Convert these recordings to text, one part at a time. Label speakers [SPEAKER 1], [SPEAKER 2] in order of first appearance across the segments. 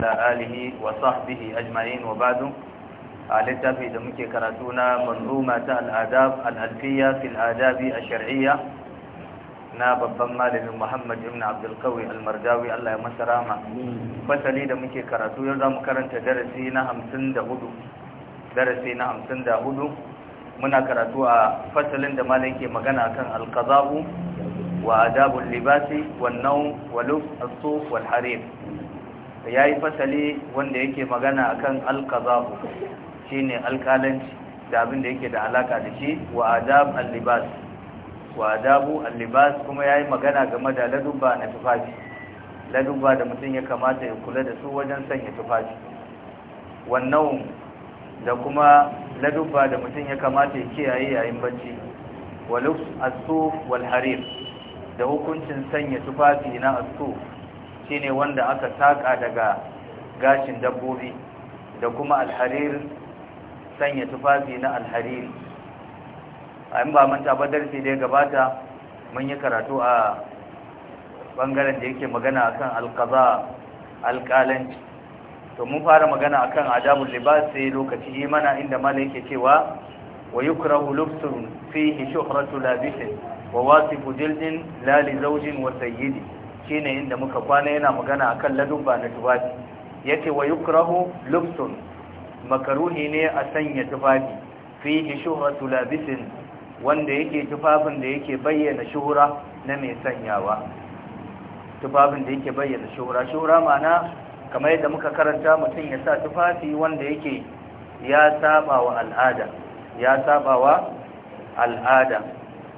[SPEAKER 1] da alihi wa sahbihi ajma'in wa badu a littafi da muke karatu na manzuma ta al'adab al'alfiya fil adabi a shar'iyya na babban malamin Muhammad ibn Abdul Qawi al-Mardawi Allah ya masa rama fasali da muke karatu yau zamu karanta darasi na 54 darasi na 54 muna karatu a fasalin da malamin ke magana akan al-qada'u wa adabul libasi wan nawm wa lubs as-suf wal harir ya yi fasali wanda yake magana akan alkazahu shine alkalanci da abin da yake da alaka da shi wa adab al-libas wa adabu al-libas kuma yi magana game da ladubba na tufafi ladubba da mutum ya kamata ya kula da su wajen sanya tufafi wannan da kuma ladubba da mutum ya kamata ya kiyaye yayin bacci wa lubs as-suf wal harir da hukuncin sanya tufafi na as-suf shine wanda aka saka daga gashin dabbobi da kuma alharir sanya tufafi na alharir a yin ba manta ba darsi da ya gabata mun yi karatu a bangaren da yake magana akan alkaza alkalanci to mun fara magana akan adabul libas sai lokaci yi mana inda mala yake cewa wa yukrahu lubsun fihi shuhratu labisin wa wasifu jildin la li zawjin wa shine inda muka kwana yana magana akan ba na tufafi yace wa yukrahu lubsun makaruhi ne a sanya tufafi fihi shuhratu labisin wanda yake tufafin da yake bayyana shuhura na mai sanyawa tufafin da yake bayyana shuhura shuhura ma'ana kamar yadda muka karanta mutum ya sa tufafi wanda yake ya saba wa al'ada ya saba wa al'ada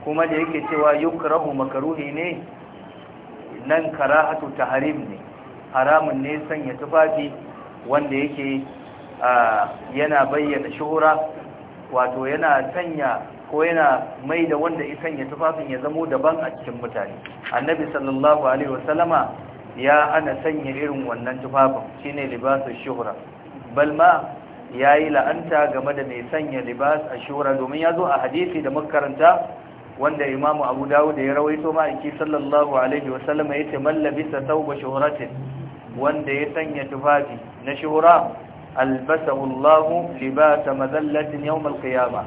[SPEAKER 1] kuma da yake cewa yukrahu makaruhi ne nan karahatu tahrim ne haramun ne sanya tufafi wanda yake yana bayyana shuhura wato yana sanya ko yana mai da wanda ya sanya tufafin ya zamo daban a cikin mutane annabi sallallahu alaihi wasallama ya ana sanya irin wannan tufafin shine libasul shuhura. Balma yayi la'anta game da mai sanya libas ashura domin ya zo a hadisi da makaranta wanda imamu abu dawud ya rawaito ma'aiki sallallahu alaihi wasallam ya ce mallabisa tauba shuhuratin wanda ya sanya tufafi na shuhura albasahu Allah libasa mazallatin yawm alqiyama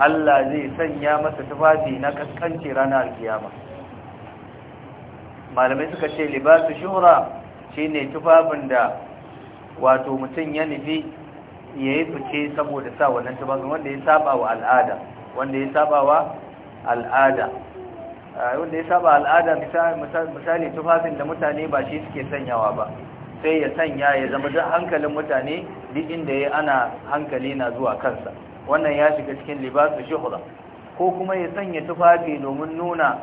[SPEAKER 1] Allah zai sanya masa tufafi na kaskanci ranar alkiyama malamai suka ce libasu shuhura shine tufafin da wato mutum ya nufi yayi fice saboda sa wannan tufafin wanda ya saba wa al'ada wanda ya saba wa al'ada ah, wanda ya saba al'ada misali tufafin da mutane ba shi suke sanyawa ba sai ya sanya ya zama duk hankalin mutane duk inda ya ana hankali na zuwa kansa wannan ya shiga cikin libasu shuhra ko kuma ya sanya tufafi domin nuna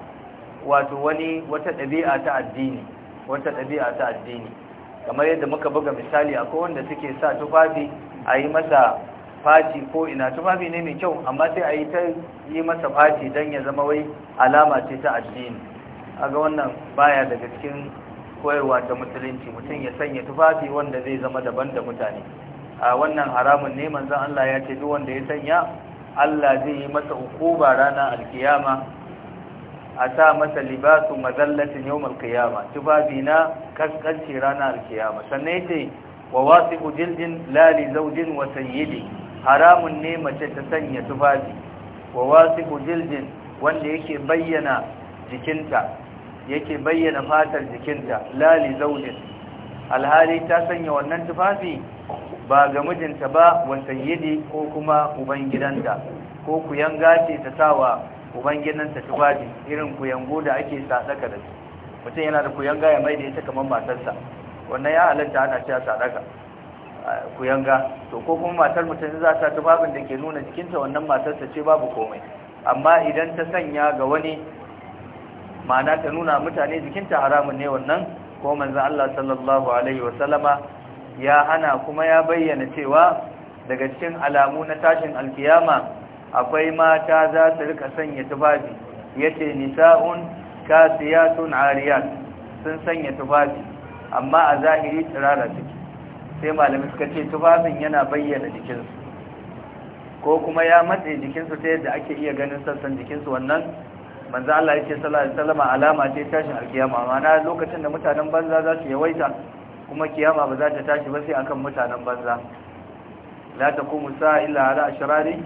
[SPEAKER 1] wato wani wata ɗabi'a ta addini wata ɗabi'a ta addini kamar yadda muka buga misali akwai wanda suke sa tufafi a yi masa faci ko ina tufafi ne mai kyau amma sai a yi ta yi masa faci don ya zama wai alama ce ta addini ga wannan baya daga cikin koyarwa ta musulunci mutum ya sanya tufafi wanda zai zama daban da mutane a wannan haramun ne manzan Allah ya ce duk wanda ya sanya Allah zai yi masa hukuma ranar alkiyama a sa masa libasu mazallatin yawmal alkiyama tufafi na kaskanci rana alkiyama sannan yace wa wasiqu jildin la li zawjin wa haramun ne mace ta sanya tufafi wa wasiqu jildin wanda yake bayyana jikinta yake bayyana fatar jikinta lali zaujin alhali ta sanya wannan tufafi ba ga mijinta ba wa sayyidi ko kuma ubangidanta ko kuyanga ce ta sawa ubangidanta tufafi irin ku yango da ake sadaka da su mutum yana da yanga ya mai da ita kamar matarsa wannan ya halatta ana cewa sadaka Ku yanga, to ko kuma matar mutum za ta tufafin da ke nuna jikinta wannan matar ta ce babu komai amma idan ta sanya ga wani ma'ana ta nuna mutane jikinta haramun ne wannan ko manzan Allah sallallahu alaihi wasallama ya hana kuma ya bayyana cewa daga cikin alamu na tashin alkiyama akwai mata za su rika sanya tufafi yace nisa'un kasiyatun ariyat sun sanya tufafi amma a zahiri tsirara suke sai malamai suka ce tufafin yana bayyana jikinsu ko kuma ya matse jikinsu ta yadda ake iya ganin sassan jikinsu wannan banza Allah ya ce ta wasallam alama ce tashin alkiyama mana lokacin da mutanen banza za su yawaita kuma kiyama ba za ta tashi ba sai akan mutanen banza la taqumu sa'a illa ala ashrari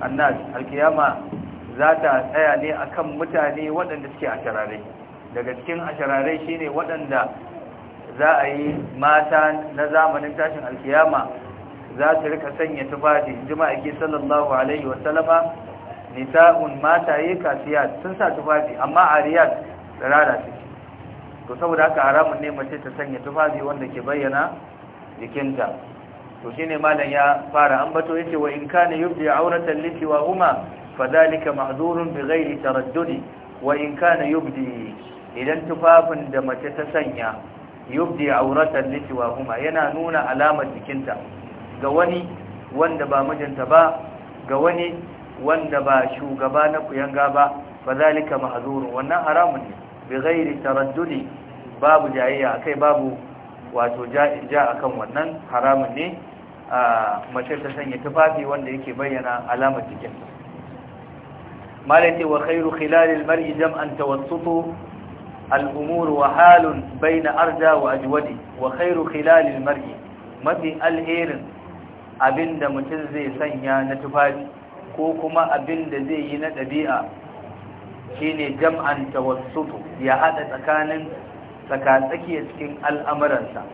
[SPEAKER 1] annas alkiyama za ta tsaya ne akan mutane waɗanda suke asharare daga cikin asharare shine waɗanda za a yi mata na zamanin tashin alkiyama za su rika sanya tufafi jima'a ke sallallahu alaihi wasallama nisa'un mataye kasiya sun sa tufafi amma a riyad rara su to saboda haka haramun ne mace ta sanya tufafi wanda ke bayyana jikinta to shine malam ya fara ambato yace wa in kana yubdi auratan liki wa huma fadhalika ma'durun bighairi taraddudi wa in kana yubdi idan tufafin da mace ta sanya yubdi auratan huma yana nuna alamar jikinta ga wani wanda ba mijinta ba ga wani wanda ba shugaba na kuyanga ba fa zalika mahzurun wannan haramun ne bi ghairi taraddudi babu jayayya akai babu wato ja akan wannan haramun ne a mace ta sanya tufafi wanda yake bayyana alamar jikinta malati wa khairu khilal al mar'i jam'an tawassutu الأمور وحال بين أرجى وأجودي وخير خلال المرء mafi alherin abinda mutum zai sanya na tufafi ko kuma abinda zai yi na ɗabi'a shine jam'an tawassutu ya hada tsakanin tsakatsakiya cikin al'amuransa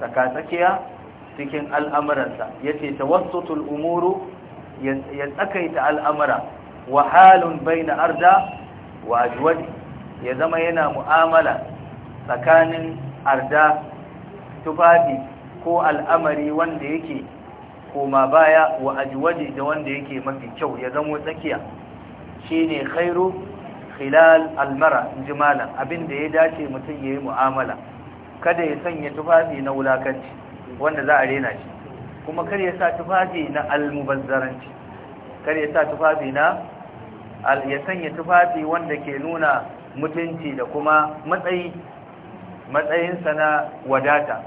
[SPEAKER 1] tsakatsakiya cikin al'amuransa yace tawassutul umuru ya tsakaita al'amura wa halun baina arda wa ajwadi ya zama yana mu'amala tsakanin arda tufafi ko al'amari wanda yake koma baya wa ajwaji da wanda yake mafi kyau ya zama tsakiya shine khairu khilal almara jimala abinda ya dace mutum ya yi mu'amala kada ya sanya tufafi na wulakanci wanda za a rena shi kuma kar ya sa tufafi na almubazzaranci kar ya sa tufafi na ya sanya tufafi wanda ke nuna mutunci da kuma matsayinsa na wadata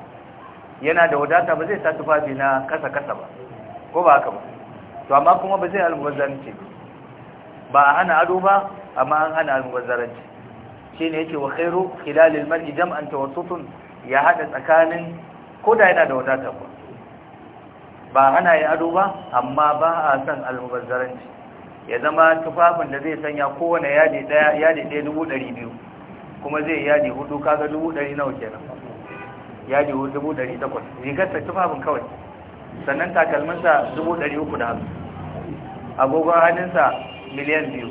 [SPEAKER 1] yana da wadata ba zai sa tufafi na kasa-kasa ba ko ba haka ba to amma kuma ba zai almubazzaranci ba a hana ado ba amma an hana almubazzaranci shi ne yake wa khairu khilalil mar'i jam'an tawassutun ya hada tsakanin ko da yana da wadata ba ba hana ya ado ba amma ba a san almubazzaranci ya zama tufafin da zai sanya kowane yadi daya yadi ɗaya dubu ɗari biyu kuma zai yadi hudu kaga dubu ɗari nawa kenan yadi hudu dubu ɗari takwas rigarsa tufafin kawai sannan takalminsa dubu ɗari uku da hamsin agogon hannunsa miliyan biyu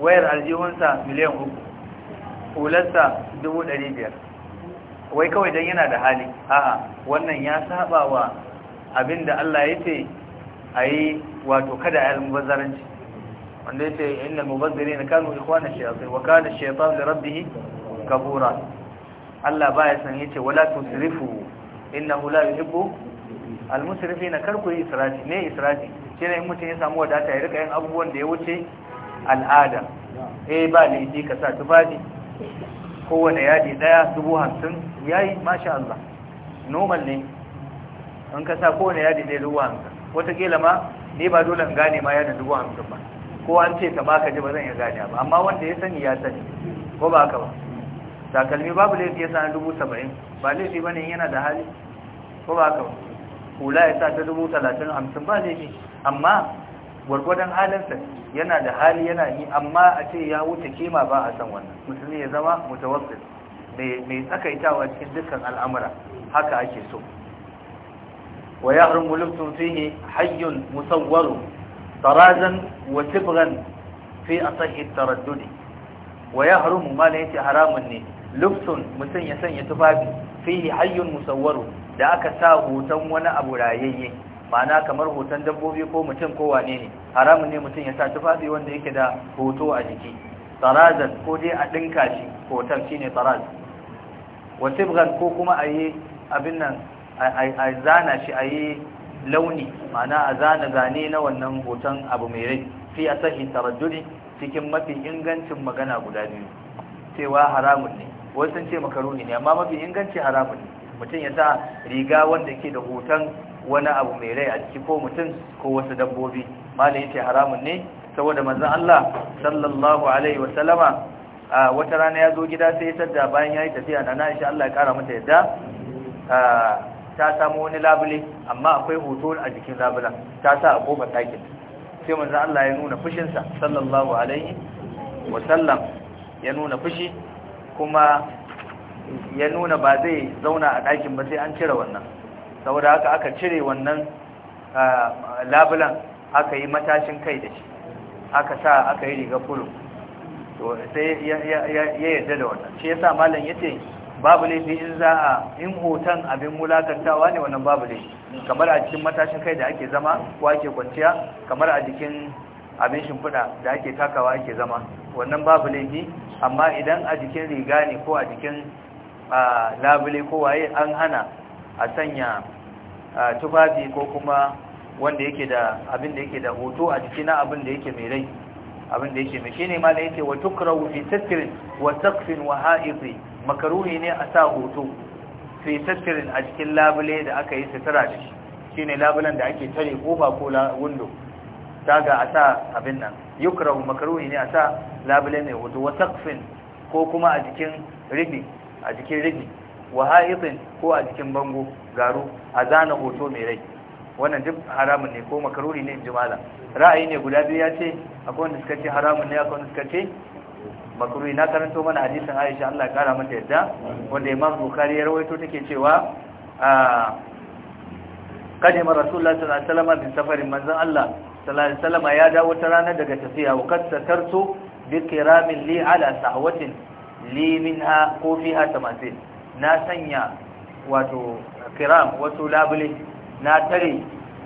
[SPEAKER 1] wayar aljihunsa miliyan uku hularsa dubu ɗari biyar wai kawai don yana da hali a'a wannan ya saba wa abin da Allah ya ce Ayi, wato kada a yi almubazzaranci wanda ya ce inda mubazzari na kanu ikwana shayatun wa kana shayatun da rabbihi kabura Allah ba ya san yace wala tusrifu innahu la yuhibbu almusrifina karku yi israfi ne israfi shi ne mutum ya samu wadata ya rika yin abubuwan da ya wuce al'ada eh ba laifi ka sa tufafi kowane yadi daya dubu hamsin yayi masha Allah normal ne an ka sa kowane yadi daya dubu hamsin wataƙila ma ne ba dole in gane ma yana dubu hamsin ba ko an ce ka baka ji ba zan iya gane ba amma wanda ya sani ya sani ko ba haka ba takalmi babu laifi ya sani dubu saba'in ba laifi ba ne yana da hali ko ba haka ba hula ya sa ta dubu talatin hamsin ba laifi amma gwargwadon halinsa yana da hali yana yi amma a ce ya wuce kima ba a san wannan musulmi ya zama mutawassil mai tsakaitawa cikin dukkan al'amura haka ake so ويحرم لبس فيه حي مصور طرازا وصبغا في أصح التردد ويحرم ما ليس حراما لبس متن يسن تفافي فيه حي مصور da aka sa hoton wani abu rayayye ma'ana kamar hoton dabbobi ko mutum ko wane ne haramun ne mutum ya sa tufafi wanda yake da hoto a jiki tarazan ko dai a dinka shi hoton shine taraz wa sibghan ko kuma a yi abin nan a zana shi a yi launi ma'ana a zana zane na wannan hoton abu mai rai fi a sahi taraddudi cikin mafi ingancin magana guda biyu cewa haramun ne wasu sun ce makaruni ne amma mafi inganci haramun ne mutum ya sa riga wanda ke da hoton wani abu mai rai a ciki ko mutum ko wasu dabbobi ya ce haramun ne saboda manzon Allah sallallahu alaihi wa sallama wata rana ya zo gida sai ya tada bayan yi tafiya na Aisha Allah ya kara mata yadda ta samu wani labule amma akwai hoto a jikin labulan ta sa a kofar ɗakin sai manzo Allah ya nuna fushinsa sallallahu alaihi wa sallam ya nuna fushi kuma ya nuna ba zai zauna a ɗakin ba sai an cire wannan saboda haka aka cire wannan labulan aka yi matashin kai da shi aka sa aka yi riga fulu sai ya yarda da wannan shi yasa malam yace babu laifi in za a in hoton abin wulakantawa ne wannan babu laifi kamar a cikin matashin kai da ake zama ko ake kwanciya kamar a jikin abin shimfiɗa da ake takawa ake zama wannan babu laifi amma idan a jikin riga ne ko a jikin labule ko waye an hana a sanya tufafi ko kuma wanda yake da abin da yake da hoto a jiki na abin da yake mai rai abin da yake mai shine ma da yake wa tukrawu fi satrin wa taqfin wa ha'ifi makaruhi ne a sa hoto fi tattirin a cikin labule da aka yi sutura da shi shine labulen da ake tare kofa ko ta ga a sa abin nan yukrahu makaruhi ne a sa labule mai hoto wata saqfin ko kuma a jikin rufi a jikin rufi wa haifin ko a jikin bango garu a zana hoto mai rai wannan duk haramun ne ko makaruhi ne jimala ra'ayi ne guda biyu ya ce akwai wanda suka ce haramun ne akwai wanda suka ce makruhi na karanto mana hadisin Aisha Allah ya kara mata yadda wanda Imam Bukhari ya rawaito take cewa kadima ah, Rasulullah sallallahu alaihi wasallam din safarin manzon Allah sallallahu alaihi wasallam ya dawo ta ranar daga tafiya wa kattartu bi kiramin li ala sahwatin li minha ko fiha tamatin na sanya wato kiram wato labule na tare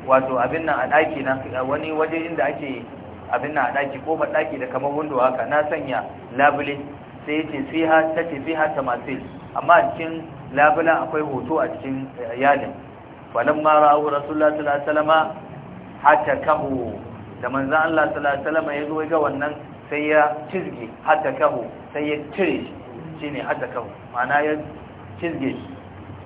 [SPEAKER 1] wato abin nan a daki na wani waje inda ake abin na daki ko daki da kamar wando haka na sanya labule sai yace fiha tati fiha tamasil amma a cikin labula akwai hoto a cikin eh, yadin falamma ra'ahu rasulullahi sallallahu alaihi wasallama hatta kahu da manzon Allah sallallahu alaihi ya zo ga wannan sai ya cizge hatta kahu sai ya cire shi shine hatta kahu ma'ana ya cizge shi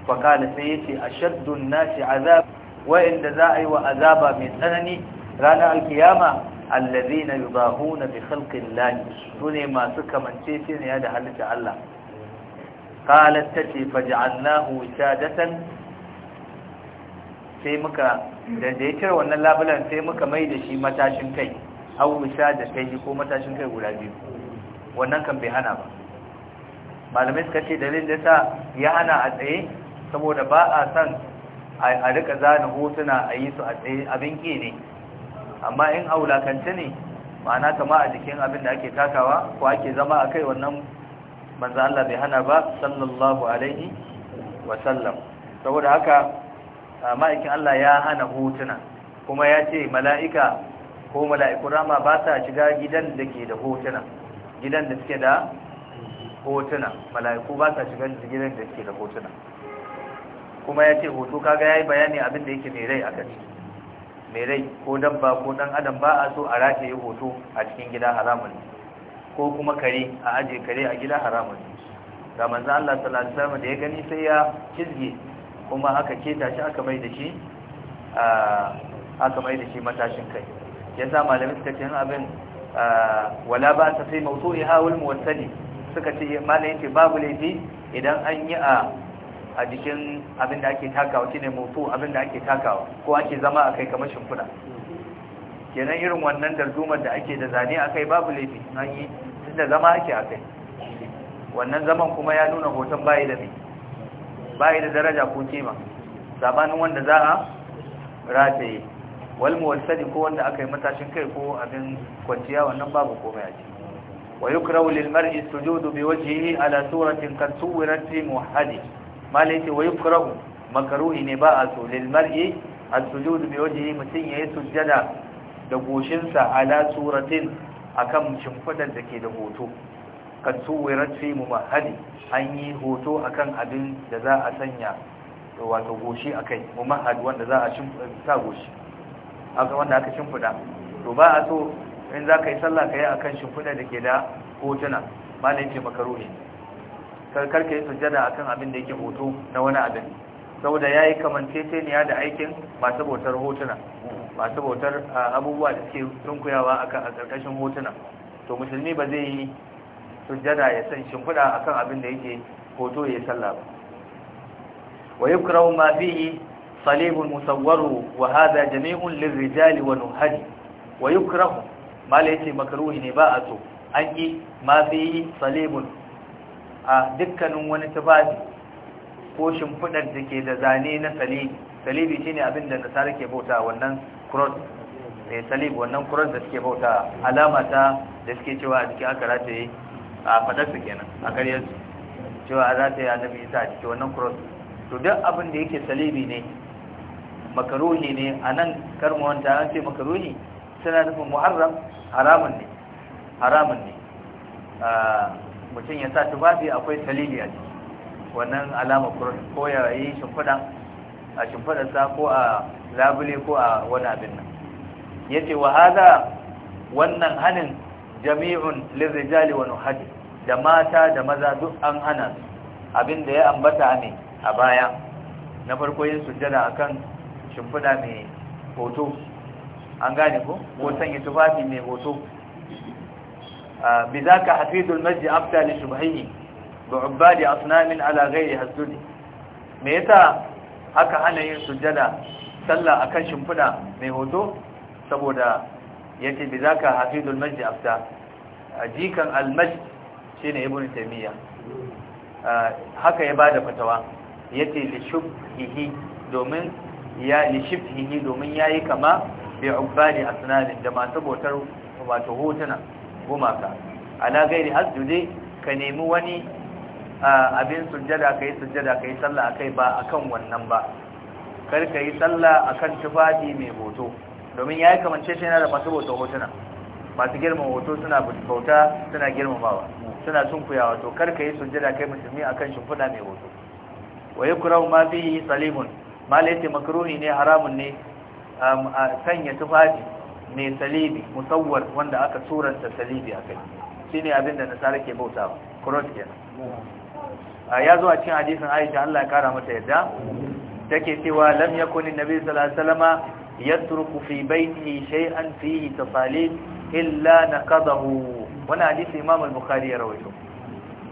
[SPEAKER 1] fa kana sai yace ashaddun nasi azab wa inda za a yi wa azaba mai tsanani ranar alkiyama allazina yudahuna bi khalqillah sune masu kamance ce ne da halitta Allah qalat tati faj'alnahu wijadatan sai muka da da yake wannan labulan sai muka mai da shi matashin kai au kai ko matashin kai guda biyu wannan kan bai hana ba malamai suka ce dalilin da sa ya hana a tsaye saboda ba a san a rika zana hotuna a yi su a tsaye abin ke ne amma in aulakance ne ma'ana kama a jikin abin da ake takawa ko ake zama a kai wannan manzo Allah bai hana ba sallallahu alaihi wa sallam saboda haka ma'aikin Allah ya hana hotuna kuma ya ce mala'ika ko mala'iku rama ba sa shiga gidan da ke da hotuna gidan da suke da hotuna mala'iku ba sa shiga gidan da suke da hotuna kuma ya ce hoto kaga ya yi bayani abin da yake mai rai a gaci mai rai ko dabba ko dan adam ba a so a ya hoto a cikin gida haramun ko kuma kare a aje kare a gida haramun ga manzan Allah sallallahu alaihi da ya gani sai ya kizge kuma aka keta shi aka mai da shi aka mai da shi matashin kai yasa malamin suka ce abin wala ba ta sai mawdu'i hawul muwassali suka ce malamin ce babu laifi idan an yi a a jikin abin da ake takawa shine mutu abin da ake takawa ko ake zama akai kamar shimfuna kenan irin wannan dardumar da ake da zane akai babu laifi an yi tunda zama ake akai wannan zaman kuma ya nuna hoton bayi da mai bayi da daraja ko kima sabanin wanda za a rataye wal muwassadi ko wanda aka yi matashin kai ko abin kwanciya wannan babu komai a ciki ويكره للمرء السجود بوجهه على سورة قد صورت في موحده mala yace wa kurahu makaruhi ne ba a so lil mar'i as-sujud bi wajhihi mutun yayi sujjada da goshinsa ala suratin akan shimfidar da ke da hoto kan suwirat fi mumahadi an yi hoto akan abin da za a sanya wato goshi akai mumahad wanda za a sa goshi aka wanda aka shimfida to ba a so in za ka yi sallah ka yi akan shimfidar da ke da hotuna malai ce makaruhi karkar ka yi sujjada akan abin da yake hoto na wani abin saboda ya yi ya da aikin masu bautar hotuna masu bautar abubuwa da suke tunkuyawa a karkashin hotuna to musulmi ba zai yi sujada ya san shimfiɗa akan abin da yake hoto ya salla ba wa yukra ma fihi salibun musawwaru wa hada jami'un lirrijali wa nuhadi wa yukra mala laysa makruhi ne ba a so an yi ma fihi salibun a dukkanin wani tufafi ko shimfidar da ke da zane na salibi salibi shine abin da nasara ke bauta wannan cross ya eh, salibi wannan cross da suke bauta alamata da suke cewa a cikin aka yi a fadar su kenan a karyar su cewa a rataye annabi Isa a cikin wannan cross to duk abin da yake salibi ne makaruhi ne nan karmu wanda an ce makaruhi suna nufin muharram haramun ne haramun ne ah, mutum ya sa tufafi akwai talili a ciki wannan alama ko ya yi shimfiɗa a shimfiɗarsa ko a labule ko a wani abin nan ya ce wa haza wannan hannun jami'un lirijali wani hajji da mata da maza duk an hana su abin da ya ambata ne a baya na farko yin sujjada kan shimfiɗa mai hoto an gane ko ko sanya tufafi mai hoto بذاك حفيد المجد أفتى لشبهه بعباد أصنام على غير هسدد me yasa aka hana yin sujjada sallah akan shimfida mai hoto saboda yace bi zaka hafidul majdi afta jikan almajdi shine ibnu taymiya haka ya bada fatawa yace li shubhihi domin ya li shubhihi domin yayi kama bi ubadi da masu botar wato hotuna gumaka ala gairi asjude ka nemi wani abin sujjada kai sujjada kai sallah akai ba akan wannan ba kar ka yi sallah akan tufafi mai hoto domin yayi kamance shi yana da masu hoto hotuna masu girman hoto suna bauta suna girmamawa suna sunkuyawa to kar ka yi sujjada kai musulmi akan shimfiɗa mai hoto wa yukrahu ma fihi salimun malai makruhi ne haramun ne sanya tufafi mai salibi musawwar wanda aka suranta salibi a akai shine abin da nasara ke bautawa cross kenan ya zo a cikin hadisin Aisha Allah ya kara mata yadda take cewa lam yakun annabi sallallahu alaihi wasallama yatruku fi an fi fihi tasalib illa na naqadahu wani hadisi Imam al-Bukhari ya rawaito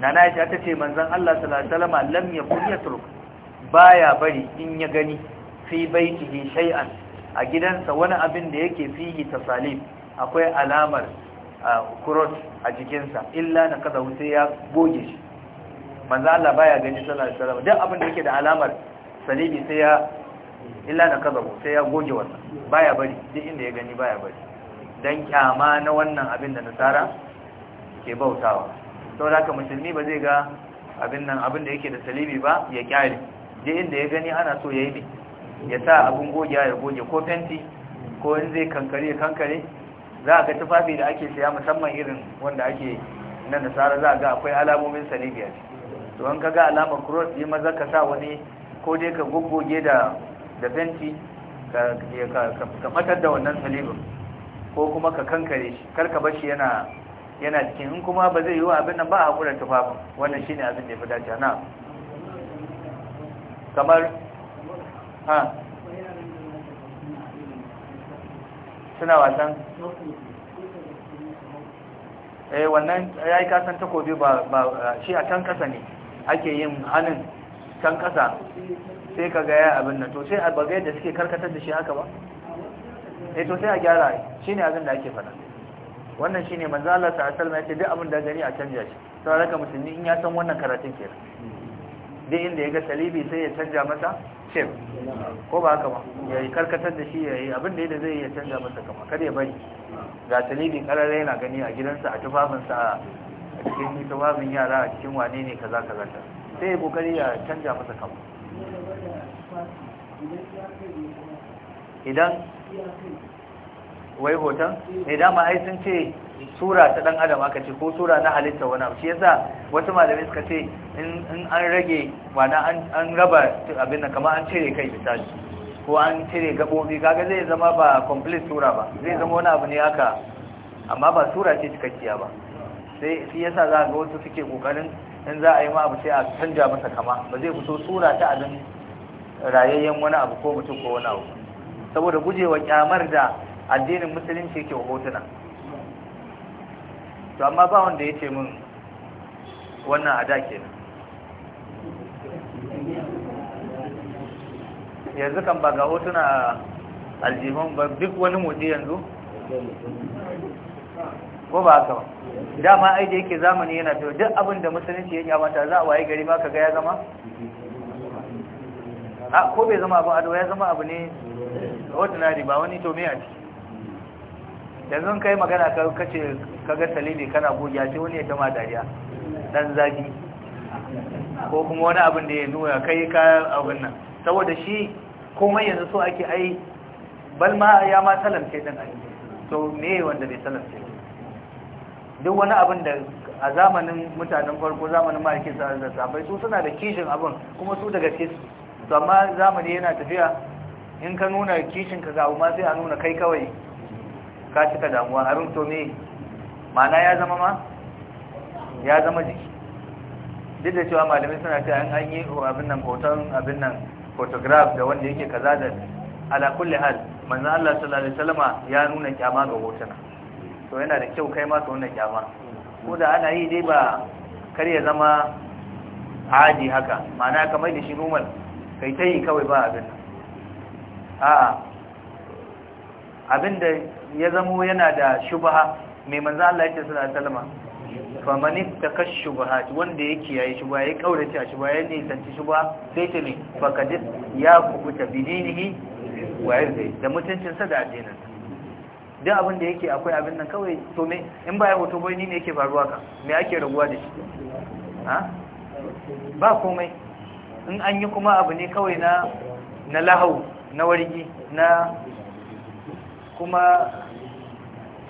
[SPEAKER 1] na nana Aisha tace manzon Allah sallallahu alaihi wasallama lam yakun yatruku baya bari in ya gani fi baitihi shay'an a gidansa wani abin da yake fihi tasalib akwai alamar kuros a jikinsa illa na kaza sai ya goge shi manzo Allah baya gani sallallahu alaihi wasallam duk abin da yake da alamar salibi sai ya illa na kaza sai ya goge wannan baya bari duk inda ya gani baya bari dan kyama na wannan abin da nasara ke bautawa saboda haka musulmi ba zai ga abin nan abin da yake da salibi ba ya kyale duk inda ya gani ana so yayi ne ya sa abin goge ya goge ko fenti ko in zai kankare kankare za a ga tufafi da ake saya musamman irin wanda ake na nasara za ga akwai alamomin sa ne biyar to an ga alamar cross yi maza ka sa wani ko dai ka goggoge da da fenti ka ka matar da wannan salibin ko kuma ka kankare shi kar ka bar shi yana yana cikin in kuma ba zai yi wa abin nan ba a hakura tufafin wannan shine abin da ya fi dace kamar ha suna wasan eh wannan ya yi kasan takobi ba shi a can kasa ne ake yin hanin can kasa sai ka gaya abin nan to sai a bagai da suke karkatar da shi haka ba eh to sai a gyara shi ne abin da ake fara wannan shi ne manzala ta asal ya ce duk abin da gani a canja shi saboda raka musulmi in ya san wannan karatun kenan duk inda ya ga salibi sai ya canja masa shef ko ba haka ba ya yi karkatar da shi ya yi abin da yadda zai iya canza masa kama kar ya bari ga talibin karara yana gani a gidansa a tufafinsa a cikin tufafin yara a cikin wane ne kaza ka ta sai ya kokari ya canza masa kama idan wai hoton idan eh, ma ai sun ce sura ta dan adam aka ce ko sura na halitta wani abu shi yasa wasu malamai suka ce in an rage mana an raba abin da kamar an cire kai misali ko an cire gabobi kaga zai zama ba complete sura ba zai zama wani abu ne haka amma ba sura ce cikakkiya ba sai shi yasa za ga wasu suke kokarin in za a yi ma abu sai a canja masa kama ba zai fito sura ta abin rayayyen wani abu ko mutum ko wani abu saboda gujewa kyamar da addinin musulunci yake hotuna to amma ba wanda ya ce min wannan a da yanzu kan ba ga hotuna aljihun ba duk wani motsi yanzu ko ba haka ba dama ai yake zamani yana to duk abin da musulunci ya kyamata za a waye gari ma kaga ya zama a ko bai zama abu ado ya zama abu ne ordinary ba wani to me a ciki yanzu kai magana ka kace kaga salibi kana gogiya sai wani ya tama dariya dan zafi ko kuma wani abin da ya nuna kai ka abin nan saboda shi komai yanzu so ake ai bal ma ya ma salamce din ai to me wanda bai salamce duk wani abin da a zamanin mutanen farko zamanin ma maliki da sabai su suna da kishin abin kuma su daga ce su amma zamani yana tafiya in ka nuna kishin ka ga ma sai a nuna kai kawai ka cika damuwa abin to me mana ya zama ma ya zama jiki duk da cewa malamai suna ce an yi abin nan hoton abin nan photograph da wanda yake kaza da ala kulli hal manzo Allah sallallahu alaihi wasallama ya nuna kyama ga hotuna to yana da kyau kai ma ka nuna kyama ko da ana yi dai ba kar ya zama aji haka ma'ana kamar da shi normal kai ta yi kawai ba abin nan a abin da ya zamo yana da shubha mai manzo Allah suna sallallahu alaihi wasallam ta kashi shubaha wanda yake yayi shubha yayi kaurace a shubha yayi nisanci shubha sai ce ne faqad ya kubuta bidinihi wa irdi da mutuncin sa da addinin don abin da yake akwai abin nan kawai to me in ba ya hoto bai ni ne yake faruwa ka me ake raguwa da shi ha ba komai in an yi kuma abu ne kawai na na lahau na wargi na kuma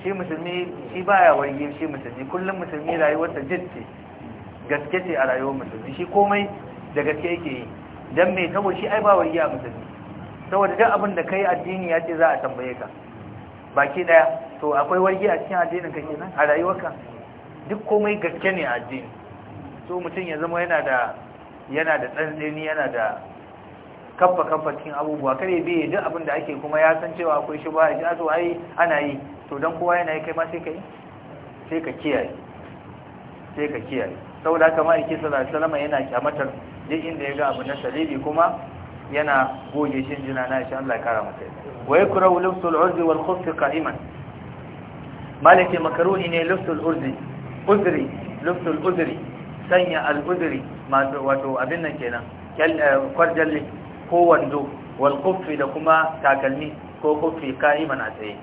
[SPEAKER 1] shi musulmi shi baya warge shi musulmi kullum musulmi rayuwarsa jidce gaske ce a rayuwar musulmi shi komai da gaske yake yi don mai saboda shi ai ba warge a musulmi saboda duk abin da kai addini ya ce za a tambaye ka baki daya to akwai wargi a cikin addinin ka kenan a rayuwarka duk komai gaske ne a addini so mutum ya zama yana da yana da tsantseni yana da kaffa kaffa cikin abubuwa kare bi yi duk abin da ake kuma ya san cewa akwai shi ba ya to ai ana yi to dan kowa yana yi kai ma sai ka yi sai ka kiyaye sai ka kiyaye saboda haka ma ake sallallahu alaihi wasallam yana kyamatar duk inda ya ga abu na salibi kuma yana goge shin jina na shi Allah ya kara masa wa yakrahu lubsul urzi wal khuff qa'iman malaki makaruni ne lubsul urzi udri lubsul udri sanya al uzri wato abin nan kenan eh, kwarjalli ko wando wal kuffi da kuma takalmi ko kuffi ka'iman a tsaye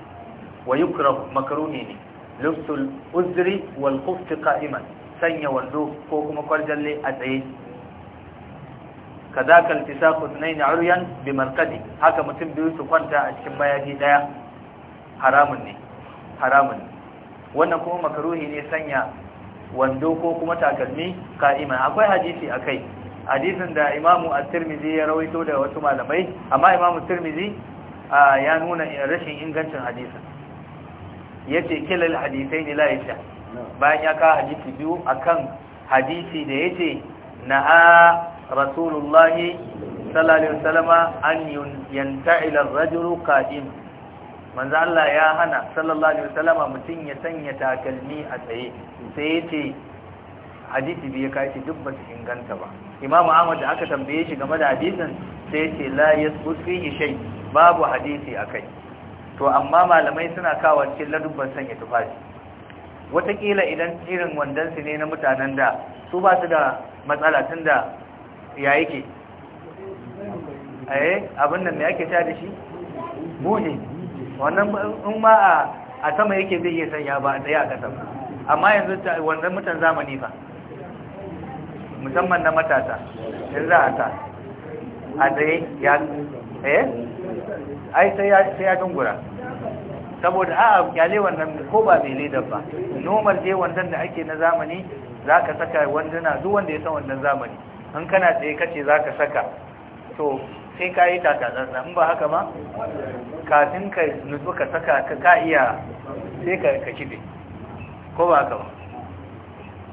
[SPEAKER 1] wa kura makruhi ne lubsul uzri wal kuffi qa'iman sanya wando ko kuma kwarjalle a tsaye kadaka iltisaqu thnayn uryan bi markadi haka mutum biyu su kwanta a cikin mayafi daya haramun ne haramun wannan kuma makruhi ne sanya wando ko kuma takalmi ka'iman akwai hadisi akai hadisin da imamu al tirmizi ya rawaito da wasu malamai amma imamu al tirmidhi ya nuna rashin ingancin hadisin ce kilal hadisai ne la'isha bayan ya ka hadisi biyu akan hadisi da ya na na'a rasulullahi sallallahu alaihi wasallama an yanta ilar rajuru kadim manzan Allah ya hana sallallahu alaihi wasallama mutum ya sanya takalmi a tsaye sai ya ce hadisi biyu ya kai duk ba su inganta ba imamu ahmad da aka tambaye shi game da hadisin sai ya ce la yasbut fihi shay babu hadisi akai to amma malamai suna kawo cikin ladubban sanya tufafi watakila idan irin wandan su ne na mutanen da su ba su da matsala tun da ya yake eh abin nan me ake ta da shi buhi wannan in ma a sama yake zai iya sanya ba a tsaye a kasa amma yanzu wannan mutan zamani ba musamman na matasa in za a ta a tsaye ya eh ai sai ya sai dungura saboda a'a kyale wannan ko ba mai leda ba nomar je wannan da ake na zamani za ka saka wanduna duk wanda ya san wannan zamani in kana tsaye kace ka saka to sai ka yi takatsantsa in ba haka ba kafin ka nutsu ka saka ka iya sai ka kibe ko ba haka ba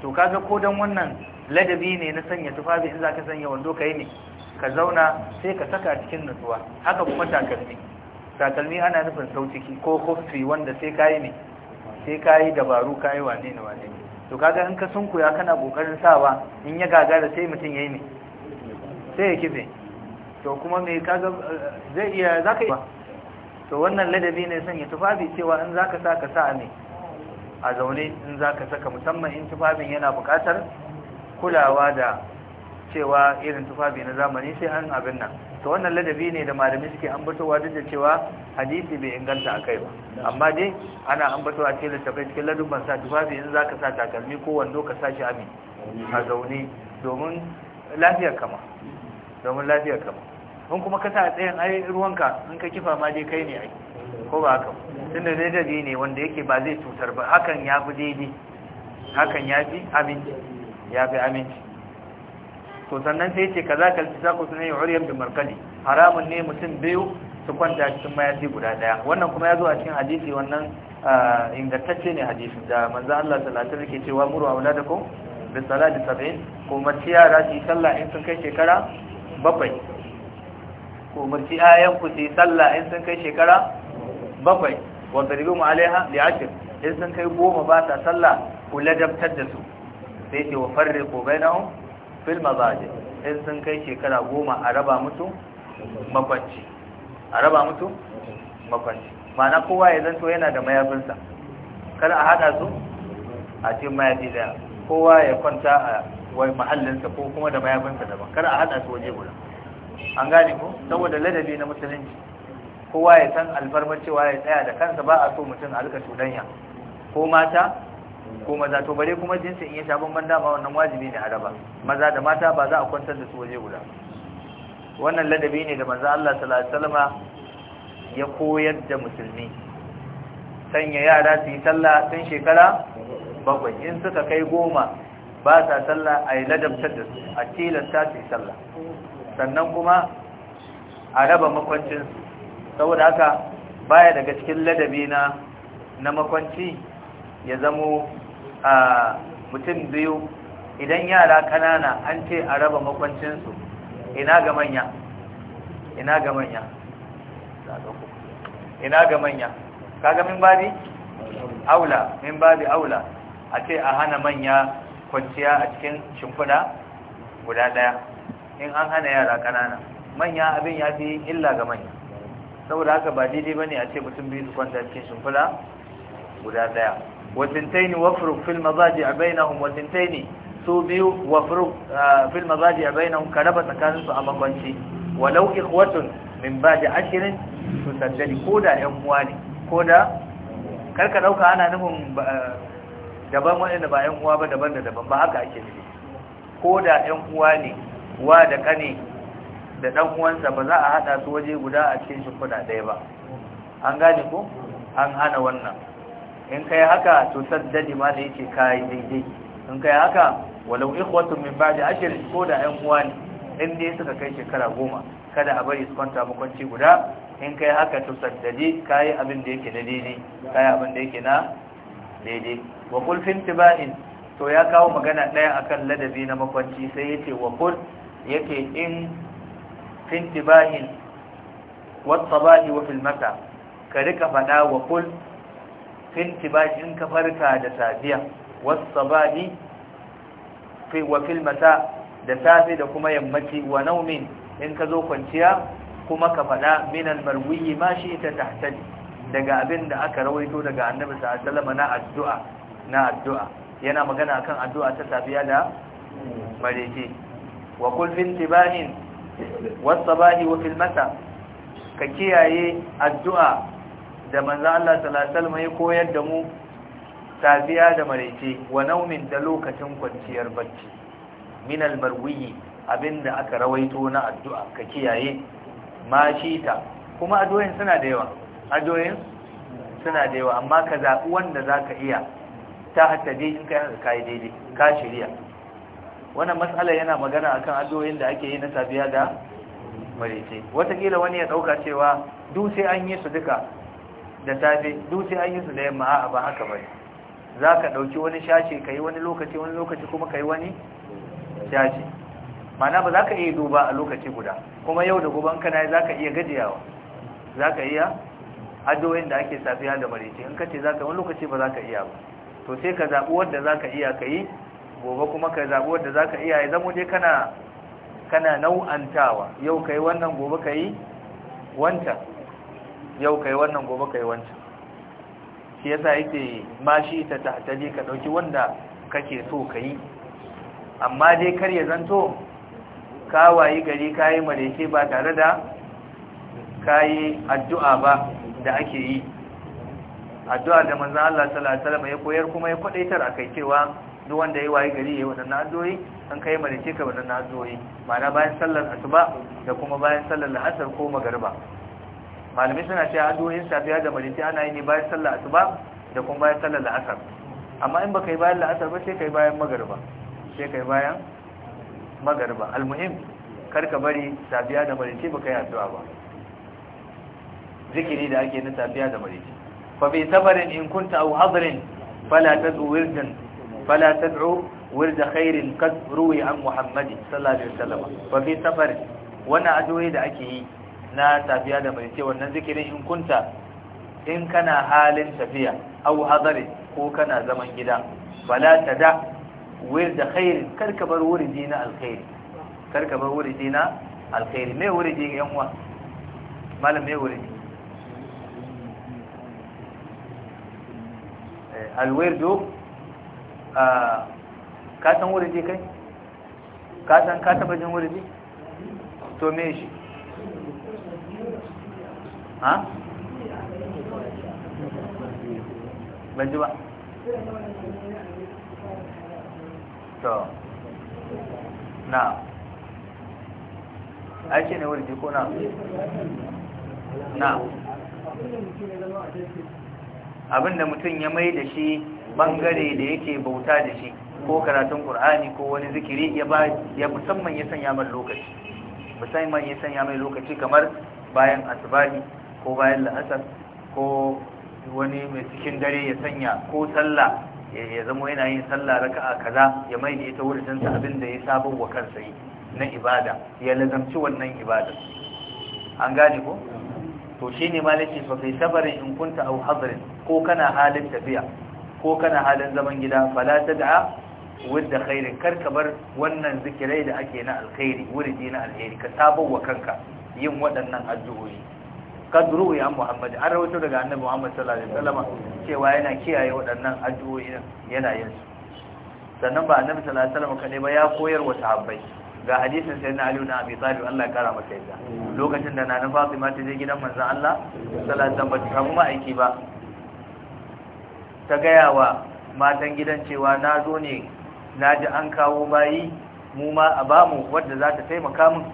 [SPEAKER 1] to kaga ko dan wannan ladabi ne na sanya tufafi in za ka sanya wando ka yi ne ka zauna sai ka saka cikin nutsuwa haka kuma takalmi takalmi ana nufin sautiki ko kofi wanda sai yi ne sai yi dabaru yi wane ne wane ne to kaga in ka sunkuya kana kokarin sawa in ya gagara sai ya yayi ne sai ya kife to kuma me kaga eh, zai iya zaka yi to wannan ladabi ne sanya tufafi cewa in ka sa ka sa ne a zaune in za ka saka musamman in tufafin yana buƙatar kulawa da cewa irin tufafi na zamani sai an abin nan to wannan ladabi ne da malami suke ambatowa duk da cewa hadisi bai inganta a kai ba amma dai ana ambatowa cikin tafai cikin ladubban sa tufafi in zaka sa takalmi ko wando ka sa shi ami a zaune domin lafiyar kama domin lafiyar kama in kuma ka sa tsayin ai ruwanka in ka kifa ma dai kai ne ai ko ba haka tunda ladabi ne wanda yake ba zai cutar ba hakan ya fi daidai hakan ya fi aminci ya fi aminci to sannan sai ce kaza kal tisaqu sunay uryan bin markadi haramun ne mutum biyu su kwanta cikin mayafi guda daya wannan kuma ya zo a cikin hadisi wannan ah, ingantacce ne hadisi da manzo Allah sallallahu alaihi wasallam cewa muru auladakum bis salati sab'in ko mace yara su sallah in sun kai shekara bakwai ko mace ayan ku su sallah in sun kai shekara bakwai wa mu alaiha li ashr in sun kai goma ba ta sallah ku ladabtar da su sai ce wa farriqu bainahum ba mazaji in sun kai shekara goma a raba mutu? makwanci a raba mutu? makwanci ma'ana kowa ya zanto yana da mayafinsa kar a hada su a cikin mayafi daya kowa ya kwanta a wai mahallinsa ko kuma da mayafinsa daban kar a hada su waje guda an gane ko saboda ladabi na musulunci kowa ya san alfarmar cewa ya tsaya da kansa ba a so mutum a rika cudanya ko mata ko maza to bare kuma jinsi in ya sha bamban dama wannan wajibi ne a raba maza da mata ba za a kwantar da su waje guda wannan ladabi ne da maza Allah sallallahu alaihi ya koyar da musulmi sanya yara su yi sallah tun shekara bakwai in suka kai goma ba sa sallah a yi ladabtar da su a tilasta su yi sallah sannan kuma a raba makwancinsu saboda haka baya daga cikin ladabi na na makwanci ya zamo a mutum biyu idan yara kanana an ce a raba makwancinsu ina ga manya ina ga manya ina ga manya kaga min babi aula min babi aula a ce a hana manya kwanciya a cikin shimfuna guda ɗaya in an hana yara kanana manya abin ya fi illa ga manya saboda haka ba daidai ba ne a ce mutum biyu su kwanta cikin shimfuna guda ɗaya وثنتين وافرق في المضاجع بينهم وثنتين su biyu في المضاجع بينهم mazaji كانت ka raba su a makwanci walau ikhwatun min ba'di ashrin tusaddadi koda ƴan nufin daban wanda ba ƴan uwa ba daban da daban uwa ne da kane dan uwansa ba za a hada su waje guda a cikin shimfiɗa ɗaya ba an gane ko an hana wannan in kai haka to saddadi ma da yake kai daidai in kai haka walau ikhwatu min ba'di ashir ko da ƴan uwani ne in dai suka kai shekara goma kada a bari su kwanta makwanci guda in kai haka to saddadi kai abin da yake na daidai kai abin da yake na daidai wa qul fi intiba'in to ya kawo magana ɗaya akan ladabi na makwanci sai yace wa qul yake in fi intibahin wa tabahi wa fil mata ka rika fada wa qul filti in ka farka da safiya wasu bani wa mata da safe da kuma yammaci wa naumin in ka zo kwanciya kuma ka faɗa minan marwiyi ma shi ta tahtali daga abin da aka rawaito daga annabi sallallahu na addu'a na addu'a yana magana akan addu'a ta safiya da mareke wa kul fil tibahin was sabahi wa fil masa ka kiyaye addu'a da manzo Allah sallallahu alaihi wasallam ya koyar da mu tafiya da maraice wa naumin da lokacin kwanciyar bacci min almarwi abinda aka rawaito na addu'a ka kiyaye ma ta. kuma addu'o'in suna da yawa addu'o'in suna da yawa amma ka zaɓi wanda zaka iya ta hatta dai in kai haka kai daidai ka shirya wannan matsala yana magana akan addu'o'in da ake yi na tafiya da maraice wataƙila wani ya ɗauka cewa duk sai an yi su duka da safe duk sai an yi su da yamma a ba haka bane zaka dauki wani shashi kai wani lokaci wani lokaci kuma kai wani shashi mana ba zaka iya duba a lokaci guda kuma yau da goban kana zaka iya gajiyawa zaka iya addu'o'in da ake safiya da maraice in kace zaka wani lokaci ba zaka iya ba to sai ka zabi wanda zaka iya kai gobe kuma ka zabi wanda zaka iya ya zamo dai kana kana nau'antawa yau kai wannan gobe kai wancan yau kai wannan gobe kai wancan shi yasa yake mashi ta tahtaji ka dauki wanda kake so kai amma dai kar ya zanto ka wayi gari kai mareke ba tare da kai addu'a ba da ake yi addu'a da manzo Allah sallallahu alaihi wasallam ya koyar kuma ya tar akai cewa duk wanda ya wayi gari ya wannan addu'o'i an kai mareke ka wannan addu'o'i ma'ana bayan sallar asuba da kuma bayan sallar la'asar ko magariba malamai suna cewa addu'o'in safiya da mariti ana yi ne bayan sallar asuba da kuma bayan sallar la'asar amma in ka yi bayan la'asar ba sai kai bayan magariba sai kai bayan magariba almuhim kar ka bari safiya da ba ka yi addu'a ba zikiri da ake na safiya da mariti fa bi sabarin in kunta aw hadrin fala tad'u wirdan fala tad'u wirda khairin qad ruwi an muhammadin sallallahu alaihi wasallam fa bi sabarin wannan addu'o'i da ake yi na tafiya da mai ce wannan zikirin in kunta in kana halin tafiya au hadari ko kana zaman gida Bala ta da, wir da khairin karka bar wurin na alkhairi karka bar wurin na alkhairi me wurin yan uwa malam me wurin eh, alwirdu a ah, ka san wuridi kai ka san ka taba jin wuridi to me shi ha ban na ko na na abinda mutum ya mai da shi bangare da yake bauta da shi ko karatun ƙur'ani ko wani zikiri ya ba ya musamman ya sanya mai lokaci musamman ya sanya mai lokaci kamar bayan asibari ko bayan la'asar ko wani mai cikin dare ya sanya ko sallah ya zama yana yin sallah raka'a kaza ya mai da ita wurin sa abin da ya sabon wa kansa yi na ibada ya lazamci wannan ibada an gane ko to shine malaki fa kai sabarin in kunta au hadrin ko kana halin tafiya ko kana halin zaman gida fala tad'a wadda khairin kar ka bar wannan zikirai da ake na alkhairi wuri na alheri ka sabon wa kanka yin waɗannan addu'o'i Kaduru ya Muhammad an rawaito daga annabi Muhammad sallallahu alaihi wasallam cewa yana kiyaye waɗannan addu'o'i yana yin su sannan ba annabi sallallahu alaihi wasallam kadai ba ya koyar wa sahabbai ga hadisin na aliyu na Abi Talib Allah ya kara masa yadda lokacin da nana Fatima ta je gidan manzon Allah sallallahu alaihi wasallam ba ta samu ma'aiki ba ta gaya wa matan gidan cewa na zo ne na ji an kawo bayi mu ma a bamu wadda za ta taimaka min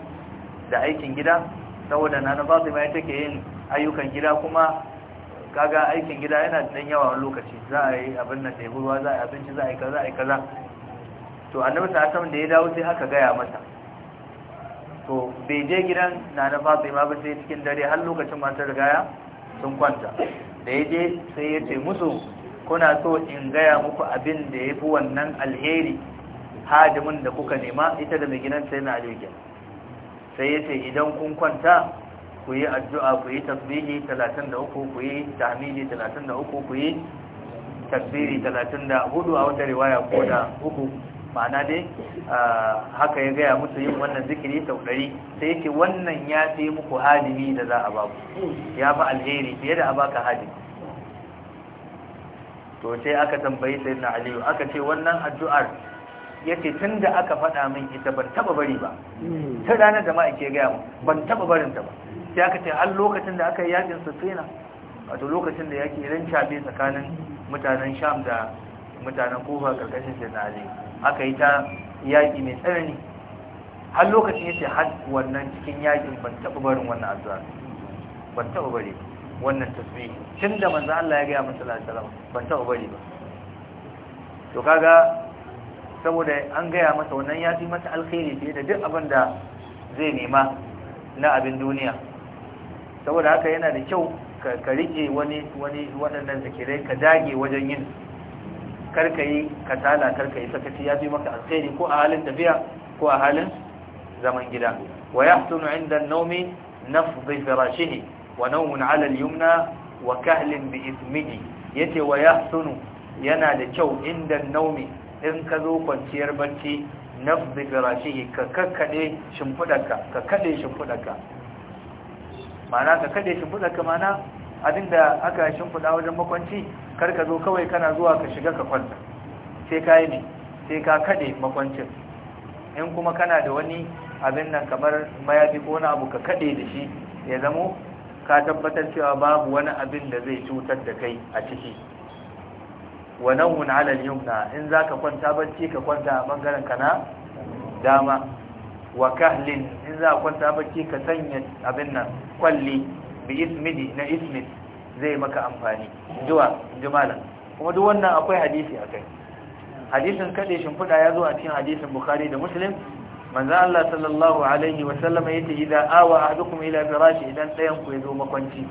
[SPEAKER 1] da aikin gida saboda na Fatima ita ke yin ayyukan gida kuma kaga aikin gida yana da yawa wani lokaci za a yi abin da tebu ruwa za a yi abinci za a yi kaza a yi kaza to annabi asam da ya dawo sai haka gaya mata to bai je gidan nana Fatima ba sai cikin dare har lokacin matar rigaya sun kwanta da ya je sai ya ce musu kuna so in gaya muku abin da ya fi wannan alheri hadimin da kuka nema ita da mai gidan sai na alheri sai yace idan kun kwanta ku yi addu'a ku yi tasbihi 33 ku yi tahmidi 33 ku yi takbiri 34 a wata riwaya ko da uku ma'ana dai haka ya gaya musu yin wannan zikiri sau ɗari sai yake wannan ya fi muku hadimi da za a baku ya fi alheri fiye da a baka hadimi to sai aka tambayi sai na aliyu aka ce wannan addu'ar ya ce tun da aka faɗa min ita ban taɓa bari ba hmm. ta ranar da ma'aike gaya mu ban taɓa barin ta ba sai aka ce har lokacin da aka yi yakin fina wato lokacin da yaki cabe tsakanin mutanen sham da mutanen kofa karkashin jinare aka yi ta yaƙi mai tsanani har lokacin ya ce har wannan cikin yaƙin ban taɓa barin wannan addu'a ban taɓa bari wannan tasbihi tun da manzo Allah ya gaya masa sallallahu alaihi wasallam ban taɓa bari ba to kaga saboda an gaya masa wannan ya fi masa alkhairi fiye da duk abin da zai nema na abin duniya saboda haka yana da kyau ka rike wani wani waɗannan zikirai ka dage wajen yin karkayi katala karka sakaci ya fi maka alkhairi ko a halin tafiya ko a halin zaman gida wa yahsunu 'inda an-nawmi nafdhi firashihi wa nawmun 'ala al-yumna wa kahlin bi ithmihi yace wa yahsunu yana da kyau inda an in ka zo kwanciyar barci na nafzi shi ka kakkade shimfudarka. ka kade shimfudarka. mana ka kade shimfudarka mana abinda aka shimfuda wajen makwanci kar ka zo kawai kana zuwa ka shiga ka kwanta sai ka yi ne sai ka kade makwancin in kuma kana da wani abin nan kamar mayafi ko wani abu ka kade da shi ya zamo ka tabbatar cewa babu wani abin da zai cutar da kai a ciki wa nawmun ala al-yumna in zaka kwanta bacci ka kwanta a bangaren ka na dama wa kahlin in za kwanta bacci ka sanya abin nan kwalli bi ismidi na ismid zai maka amfani duwa jumalan kuma duk wannan akwai hadisi akai hadisin kade shimfida ya zo a cikin hadisin bukhari da muslim manzo Allah sallallahu alaihi wa sallam yace idan awa ahadukum ila firashi idan ɗayan ku ya zo makwanci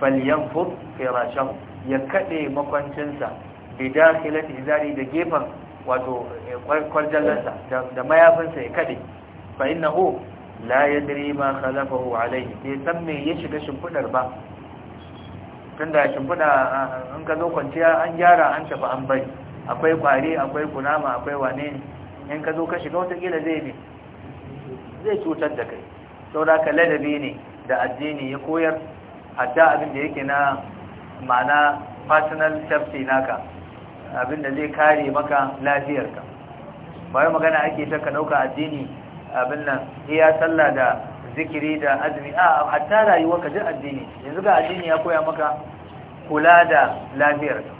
[SPEAKER 1] falyanfur firashahu ya kade makwancinsa bi dakhilati izari da gefan wato eh, kwarjallarsa da mayafinsa ya kade fa innahu la yadri ma khalafahu alayhi bai san me ya shiga shimfidar ba tunda shimfida in ka zo kwanciya an gyara an tafi an bari akwai kware akwai kunama akwai wane ne in ka zo ka shiga wata kila zai ne zai cutar da kai sauraka ladabi ne da addini ya koyar hatta abin da yake na ma'ana personal safety naka abin da zai kare maka lafiyarka bayan magana ake ta ka dauka addini abin nan iya sallah da zikiri da azumi a hatta rayuwar ka ji addini yanzu ga addini ya koya maka kula da lafiyarka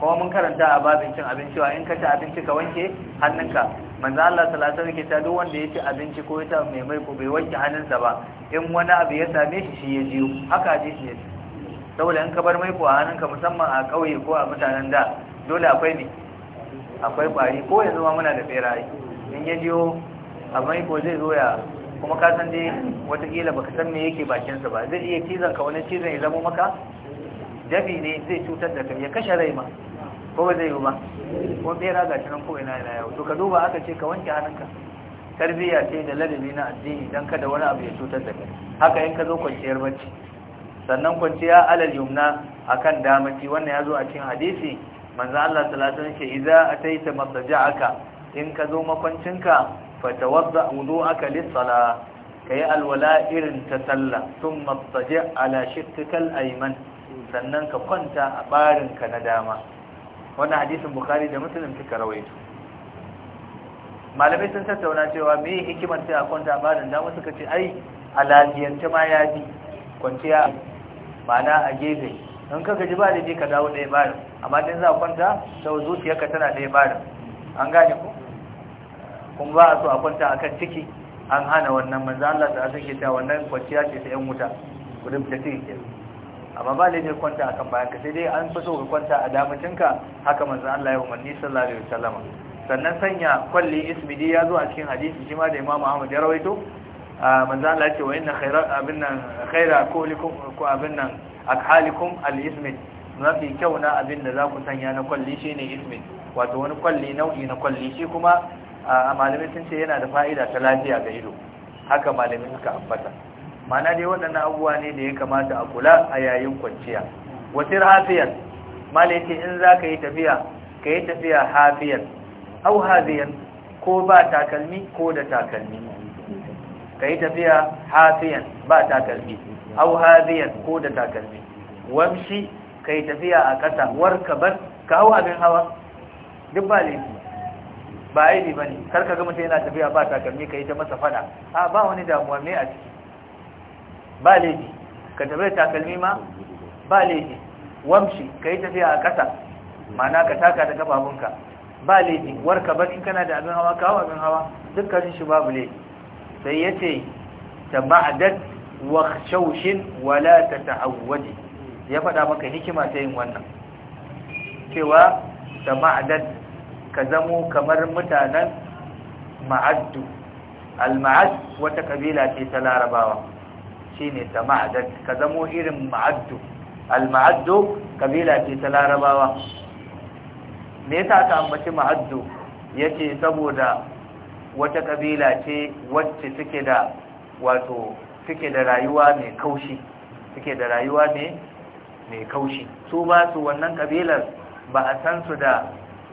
[SPEAKER 1] kuma mun karanta a babin cin abinci wa in ka ci abinci ka wanke hannunka manzo Allah sallallahu alaihi wasallam duk wanda ya ci abinci ko ya ta mai mai ko bai wanke hannunsa ba in wani abu ya same shi shi ya jiyo haka hadisi saboda in ka bar maiko a hannunka musamman a ƙauye ko a mutanen da dole akwai ne akwai ƙwari ko yanzu ma muna da ferari in ya jiyo a maiko zai zo ya kuma ka san dai watakila baka san me yake bakinsa ba zai iya cizon ka wani cizon ya zama maka dabi ne zai cutar da kai ya kashe rai ma ko ba zai yi ba ko bera ga shi nan ko ina ina yau to ka duba aka ce ka wanke hannunka tarbiyya ce da ladabi na addini dan kada wani abu ya cutar da kai haka in ka zo kwanciyar bacci sannan kwanciya alal yumna akan damaci wannan yazo a cikin hadisi manzo Allah sallallahu alaihi wasallam ce idza ataita masja'aka in ka zo makwancinka fatawadda wudu'aka lis-salah kai alwala irin ta sallah thumma taji' ala shiqqikal ayman sannan ka kwanta a barinka na dama wannan hadisin bukhari da muslim suka rawaito malamai sun tattauna cewa me hikimar sai a kwanta a barin dama suka ce ai a lafiyance ma ya bi kwanciya ma'ana a gefe in ka gaji ba da ji ka dawo ɗaya bayan amma din za a kwanta sau zuciyarka tana ɗaya bayan an gane ku kuma ba a so a kwanta akan ciki an hana wannan manzo Allah ta ake ta wannan kwanciya ce ta yan wuta gudun ta ke amma ba ji kwanta akan bayan ka sai dai an fi so ka kwanta a ka haka manzo Allah ya umarni sallallahu alaihi wasallam sannan sanya kwalli ismidi ya zo a cikin hadisi shi ma da imamu Ahmad ya rawaito manzo Allah yake wa inna khayra abin nan khayra kulikum ku abin nan akhalikum al-ismi mafi kyau na abin da za ku sanya na kwalli shine ismi wato wani kwalli nau'i na kwalli shi kuma a malamai sun ce yana da fa'ida ta lafiya ga ido haka malamai suka ambata mana dai waɗannan abubuwa ne da ya kamata a kula a yayin kwanciya wasir hafiyar malai ce in za ka yi tafiya ka yi tafiya hafiyar au haziyan ko ba takalmi ko da takalmi kai tafiya hafiyan ba takalmi au hadiyan ko da takalmi wamshi kai tafiya a kasa war ka hau abin hawa duk ba laifi ba aini bane kar ka ga mutum yana tafiya ba takalmi kai ta masa fada a ba wani damuwa me a ciki ba laifi ka tafiya takalmi ma ba laifi wamshi kai tafiya a kasa maana ka taka da kafafunka ba laifi warkaban in kana da abin hawa ka hau abin hawa dukkanin shi babu laifi sai ya ce ta ba'adat wa shaushin wala ta ta'awwadi ya faɗa maka hikima ta yin wannan cewa ta ba'adat ka zamo kamar mutanen ma'addu al-ma'ad wata kabila ce ta larabawa shine ta ma'adat ka zamo irin ma'addu al-ma'addu kabila ce ta larabawa me yasa aka ambaci ma'addu yace saboda wata kabila ce wacce suke da wato suke da rayuwa mai kaushi suke da rayuwa ne mai kaushi su ba su wannan kabilar ba a san su da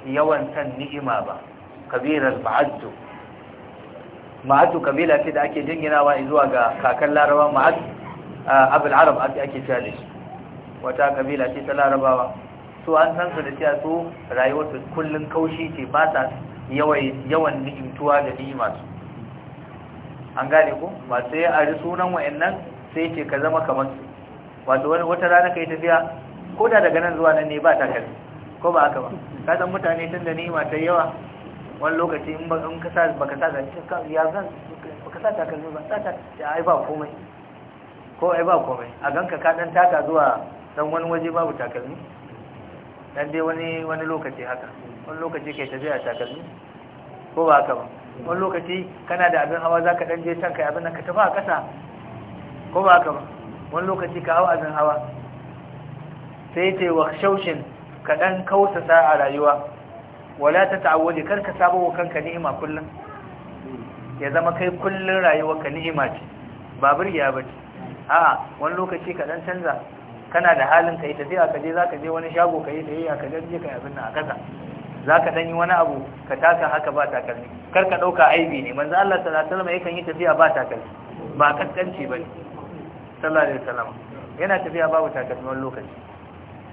[SPEAKER 1] yawan san ni'ima ba kabilar ma'addu ma'addu kabila ce da ake jinginawa zuwa ga kakan larabawa ma'addu abul arab ake cewa da shi wata kabila ce ta larabawa su an san su da cewa su su kullun kaushi ce ba ta yawan ni'imtuwa da ni masu. an gane ko ba sai a ri sunan wa'annan sai ce ka zama kamar su wato wani wata rana kai tafiya ko da daga nan zuwa nan ne ba takalmi ko ba aka ba ka san mutane tun da ni'ima ta yawa wani lokaci in ba in ba baka sa zance ya zan ka sa takalmi ba sa ta ai ba komai ko ai ba komai a ganka ka dan taka zuwa dan wani waje babu takalmi dan dai wani wani lokaci haka wani lokaci kai tafiya takalmi ko ba haka ba wani lokaci kana da abin hawa zaka dan je can kai abin nan ka tafi a kasa ko ba haka ba wani lokaci ka hawa abin hawa sai ce wa shaushin ka dan kausasa a rayuwa wala ta ta'awudi kar ka sabo wa kanka ni'ima kullum ya zama kai kullum rayuwarka ni'ima ce babur ya bace a'a wani lokaci ka dan canza kana da halin ka yi tafiya ka je za ka je wani shago ka yi sayayya ka je ka yi abin nan a kasa za ka ɗan yi wani abu ka taka haka ba takalmi kar ka ɗauka aibi ne manzo Allah sallallahu alaihi wasallam yakan yi tafiya ba takalmi ba kaskanci bane sallallahu alaihi wasallam yana tafiya babu takalmi wani lokaci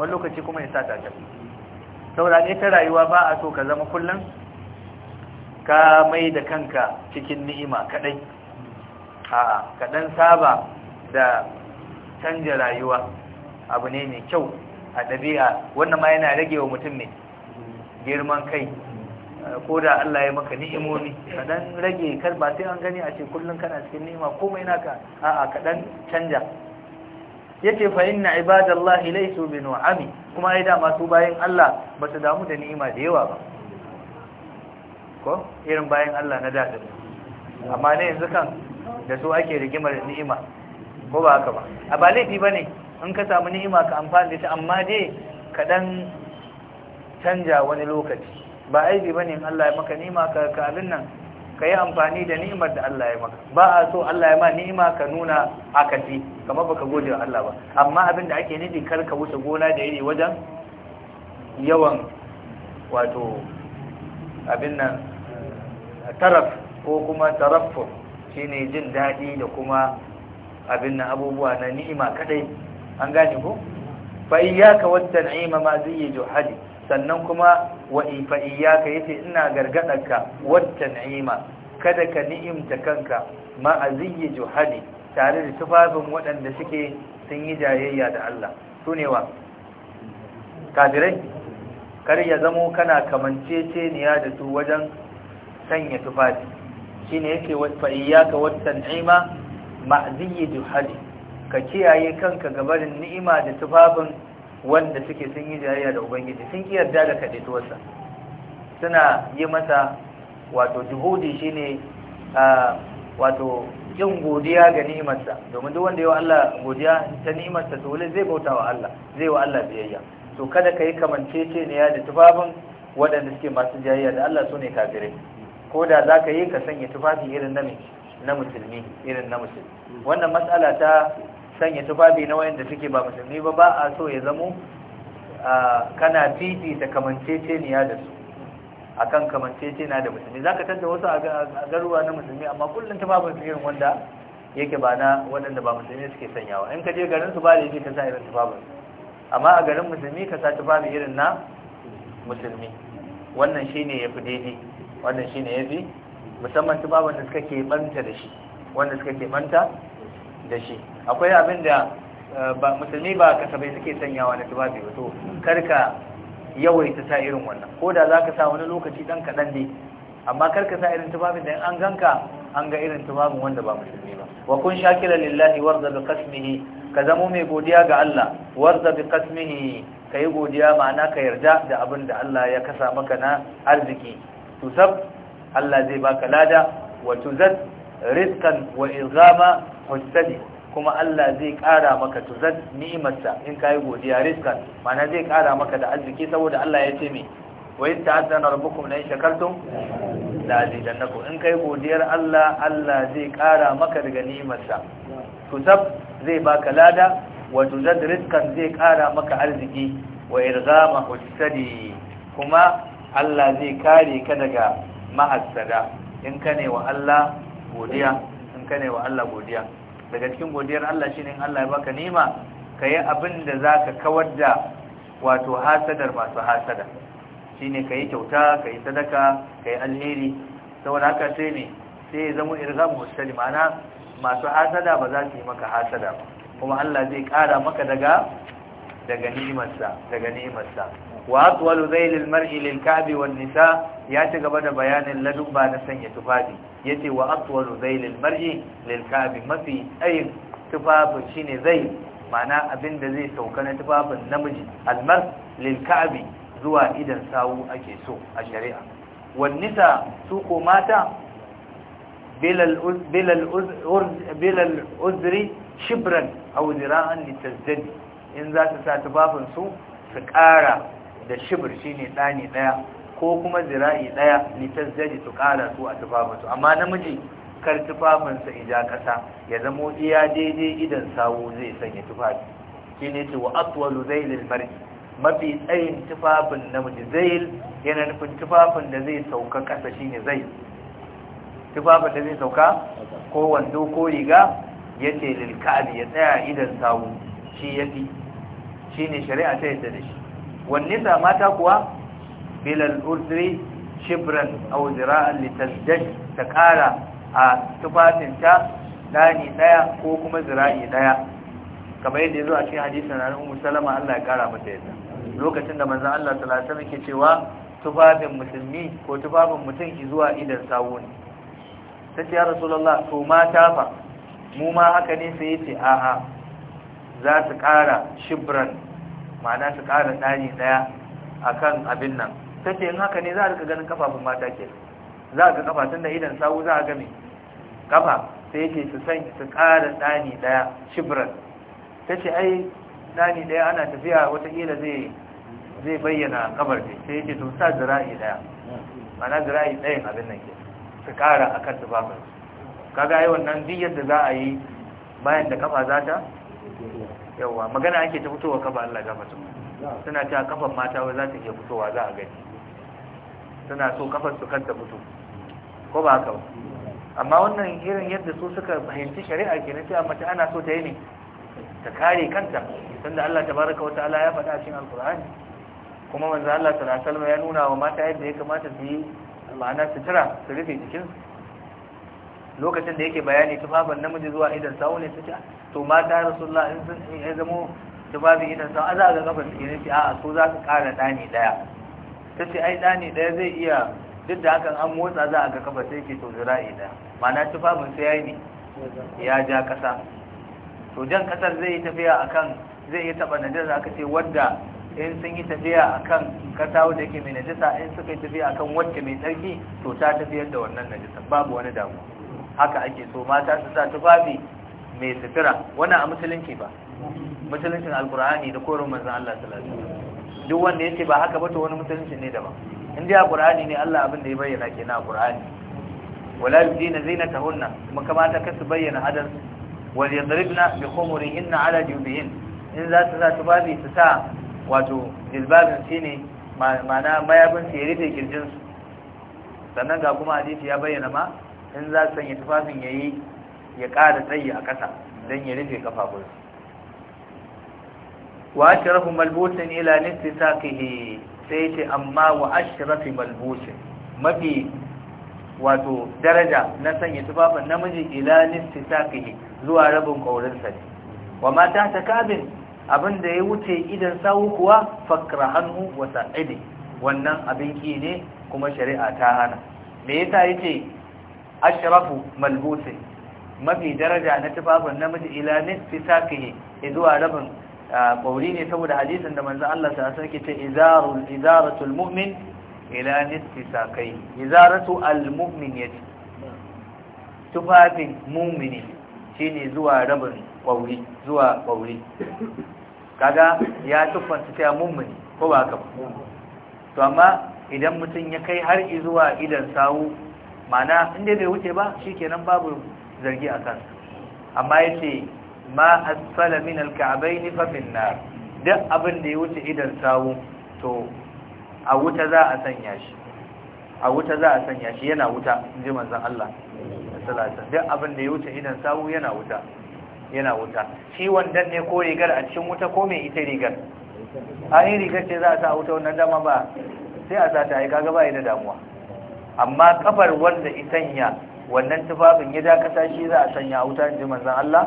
[SPEAKER 1] wani lokaci kuma ya sa takalmi saboda ne ta rayuwa ba a so ka zama kullum ka mai da kanka cikin ni'ima kadai a'a ka dan saba da canja rayuwa abu ne mai kyau a ɗabi'a wannan ma yana rage wa mutum ne girman kai ko da Allah ya maka ni'imomi kaɗan rage kar ba sai an gani a ce kullum kana cikin ni'ima Ko na naka a'a kaɗan canja yace fa inna ibadallahi laysu bi nu'ami kuma ai da masu bayin Allah ba su damu da ni'ima da yawa ba ko irin bayin Allah na da amma ne yanzu kan da su ake rigimar ni'ima ko ba haka ba a ba laifi bane in ka samu ni'ima ka amfani da ita amma dai ka dan canja wani lokaci ba aibi bane in Allah ya maka ni'ima ka ka abin nan ka yi amfani da ni'imar da Allah ya maka ba a so Allah ya ma ni'ima ka nuna ji kamar baka gode wa Allah ba amma abin da ake nufi kar ka wuce gona da yayi wajen yawan wato abin nan taraf ko kuma taraffu shine jin daɗi da kuma abin nan abubuwa na ni'ima kadai an gane ko fa iyyaka wat tan'ima ma zayyiju hadi sannan kuma wa fa iyyaka yace ina gargadarka wat tan'ima kada ka ni'imta kanka ma azayyiju hadi tare da tufafin waɗanda suke sun yi jayayya da Allah sune wa kafirai kar ya zamo kana ya da su wajen sanya tufafi shine yake wa fa iyyaka wat tan'ima ma azayyiju hadi ka kiyaye kanka gabarin ni'ima da tufafin wanda suke sun yi jayayya da ubangiji sun ki yarda da kadaituwarsa suna yi masa wato juhudi shine wato yin godiya ga ni'imarsa domin duk wanda ya Allah godiya ta ni'imarsa to wani zai bauta wa Allah zai wa Allah biyayya to kada ka yi kamancece ne ya da tufafin waɗanda suke masu jayayya da Allah su ne ko da za ka yi ka sanya tufafi irin na musulmi irin na musulmi wannan matsala ta sanya tufafi na wayanda suke ba musulmi ba ba a so ya zamo kana ne kamanceceniya da su akan kamanceceniya da musulmi zaka tanda wasu a garuwa na musulmi amma kullum ta su irin wanda yake ba na waɗanda ba musulmi suke sanyawa in ka je garin su ba da yake ka sa irin tufafi amma a garin musulmi ka sa tufafi irin na musulmi wannan shine yafi daidai wannan shine yafi musamman tufafin da suka ke banta da shi wanda suka ke banta da shi akwai abin da eh, musulmi ba kasafai suke sanyawa na tubabi ba to karka yawaita sa irin wannan ko da za ka sa wani lokaci dan kaɗan ne amma karka sa irin tufafin da an ganka an ga irin tubabin wanda ba musulmi ba wa kun shakira lillahi warza bi qasmihi ka zamo mai godiya ga Allah warda bi qasmihi kai godiya ma'ana ka yarda da abin da Allah ya kasa maka na arziki tusab Allah zai baka lada wa tuzad rizqan wa izama husadi kuma Allah zai ƙara maka tuzan ni'imarsa in yi godiya riskan, mana zai ƙara maka da arziki saboda Allah ya ce me wayin ta'azzana rabbukum la in shakartum la azidannakum in kai godiyar Allah Allah zai ƙara maka daga ni'imarsa tuzab zai baka lada wa tuzad riskan zai ƙara maka arziki wa irghama husadi kuma Allah zai kare ka daga ma'asada in kane wa Allah godiya in kane wa Allah godiya daga cikin godiyar Allah ne in Allah ya baka ka kayi abin da za ka kawar da wato hasadar masu hasada shi ne ka yi kyauta ka yi sadaka ka yi alheri saboda haka sai ne sai ya zama irgham mustali ma'ana masu hasada ba za su yi maka hasada ba kuma Allah zai kara maka daga daga daga ni'imarsa wa zai zailil mar'i lil ya ci gaba da bayanin ladubba na sanya tufafi yace wa atwalu zailil mar'i lil ka'bi mafi tsayin tufafin shine zai ma'ana abin da zai sauka na tufafin namiji almar lil zuwa idan sawu ake so a shari'a wan nisa su ko mata bilal uz bilal uz bilal uzri shibran aw in za sa tufafin su su ƙara da shibir shi ne ɗani ɗaya ko kuma zira'i ɗaya litazzaji su ƙara su a tufafinsu amma namiji kar tufafinsa ija ƙasa ya zamo iya daidai idan sawu zai sanya tufafi ne ce wa atwalu zailil Marji, mafi tsayin tufafin namiji zail yana nufin tufafin da zai sauka ƙasa shi ne zai tufafin da zai sauka ko wando ko riga ya ce ka'bi ya tsaya idan sawu shi ya fi shi ne shari'a ta yadda da shi wannisa mata kuwa bilal uzri shibran aw zira'an litazdad ta kara a tufafinta dani daya ko kuma zira'i daya kamar yadda zo a cikin hadisin na Ummu Salama Allah ya kara mata yadda lokacin da manzon Allah sallallahu alaihi wasallam cewa tufafin musulmi ko tufafin mutum zuwa idan sawu ne sai ya to mata fa mu ma haka ne sai yace a'a za su shibran ma'ana su ƙara tsari ɗaya akan abin nan ta ce yin haka ne za a rika ganin kafafun mata ke za a ga kafa tun da idan sawu za a gami kafa sai yake su san su ƙara ɗani ɗaya shibran ta ce ai ɗani ɗaya ana tafiya watakila zai zai bayyana kabar ce sai yake to sa zira'i ɗaya ma'ana zira'i ɗayan abin nan ke su ƙara a kan tufafin kaga yi wannan biyar da za a yi bayan da kafa za ta yawa magana ake ta fitowa kafa Allah ga mutum suna ta kafan mata wai za ta iya fitowa za a gani suna so kafar su kanta fito ko ba haka amma wannan irin yadda su suka fahimci shari'a ke na cewa mace ana so ta yi ne ta kare kanta tunda Allah tabaraka wa ta'ala ya faɗa cikin alkur'ani kuma manzo Allah sallallahu alaihi wasallam ya nuna wa mata yadda ya kamata su yi ma'ana sutura su rufe jikinsu lokacin da yake bayani tufafin namiji zuwa idan sawu ne ta ce to mata rasulullah in sun ya zamo tufafin idan sawu a za ga kafin su ne a so za su kara ɗani ɗaya ta ce ai ɗani ɗaya zai iya duk da hakan an motsa za a ga kafar sai ke to zira ɗaya ma'ana tufafin sai ya yi ne ya ja ƙasa to jan ƙasar zai yi tafiya akan zai yi taɓa najasa aka ce wadda in sun yi tafiya akan kasa wadda yake mai najisa in suka yi tafiya akan wadda mai tsarki to ta tafiyar da wannan najisa babu wani damuwa haka ake so mata su sa tufafi mai sutura wannan a musulunci ba musuluncin alkur'ani da korin manzon Allah sallallahu alaihi wasallam duk wanda yake ba haka ba to wani musulunci ne daban in dai alkur'ani ne Allah abin da ya bayyana kenan alkur'ani wala yudina zinatahunna kuma kamata ka su bayyana hadar wal yadribna bi khumurihinna ala jubihin in za su sa tufafi su sa wato jilbabin shine ma'ana mayabin su ya rufe kirjinsu sannan ga kuma hadisi ya bayyana ma in za su sanya tufafin ya yi ya ƙara tsayi a ƙasa don ya rufe kafafun wa ashrafu malbusin ila nisfi saqihi sai ce amma wa ashrafi malbusin mafi wato daraja na sanya tufafin namiji ila nisfi saqihi zuwa rabin ƙaurinsa ne. wa mata ta kabin abin da ya wuce idan sawu kuwa fakra hannu wa sa'idi wannan abin ki ne kuma shari'a ta hana me yasa yace ashrafu malbusin mafi daraja na tufafin namiji ila nisfi saqihi zuwa rabin bauri ne saboda hadisin da manzo Allah ta Sarki ce izarul izaratul mu'min ila nisfi saqihi izaratu al mu'min yace tufafin mu'mini shine zuwa rabin bauri zuwa bauri kaga ya tuffanta ta mu'mini ko ba ka to amma idan mutum ya kai har zuwa idan sawu ma'ana inda bai wuce ba shi kenan babu zargi a kan amma yace ma asfala min fa min nar duk abin da ya wuce idan sawu to a wuta za a sanya shi a wuta za a sanya shi yana wuta inji manzon Allah salatan duk abin da ya wuce idan sawu yana wuta yana wuta shi wandan ne ko rigar a cikin wuta ko mai ita rigar a yi rigar ce za a sa a wuta wannan dama ba sai a sa ta yi kaga ba da damuwa amma kafar wanda isanya wannan tufafin ya dakata shi za a sanya a wuta ji manzon Allah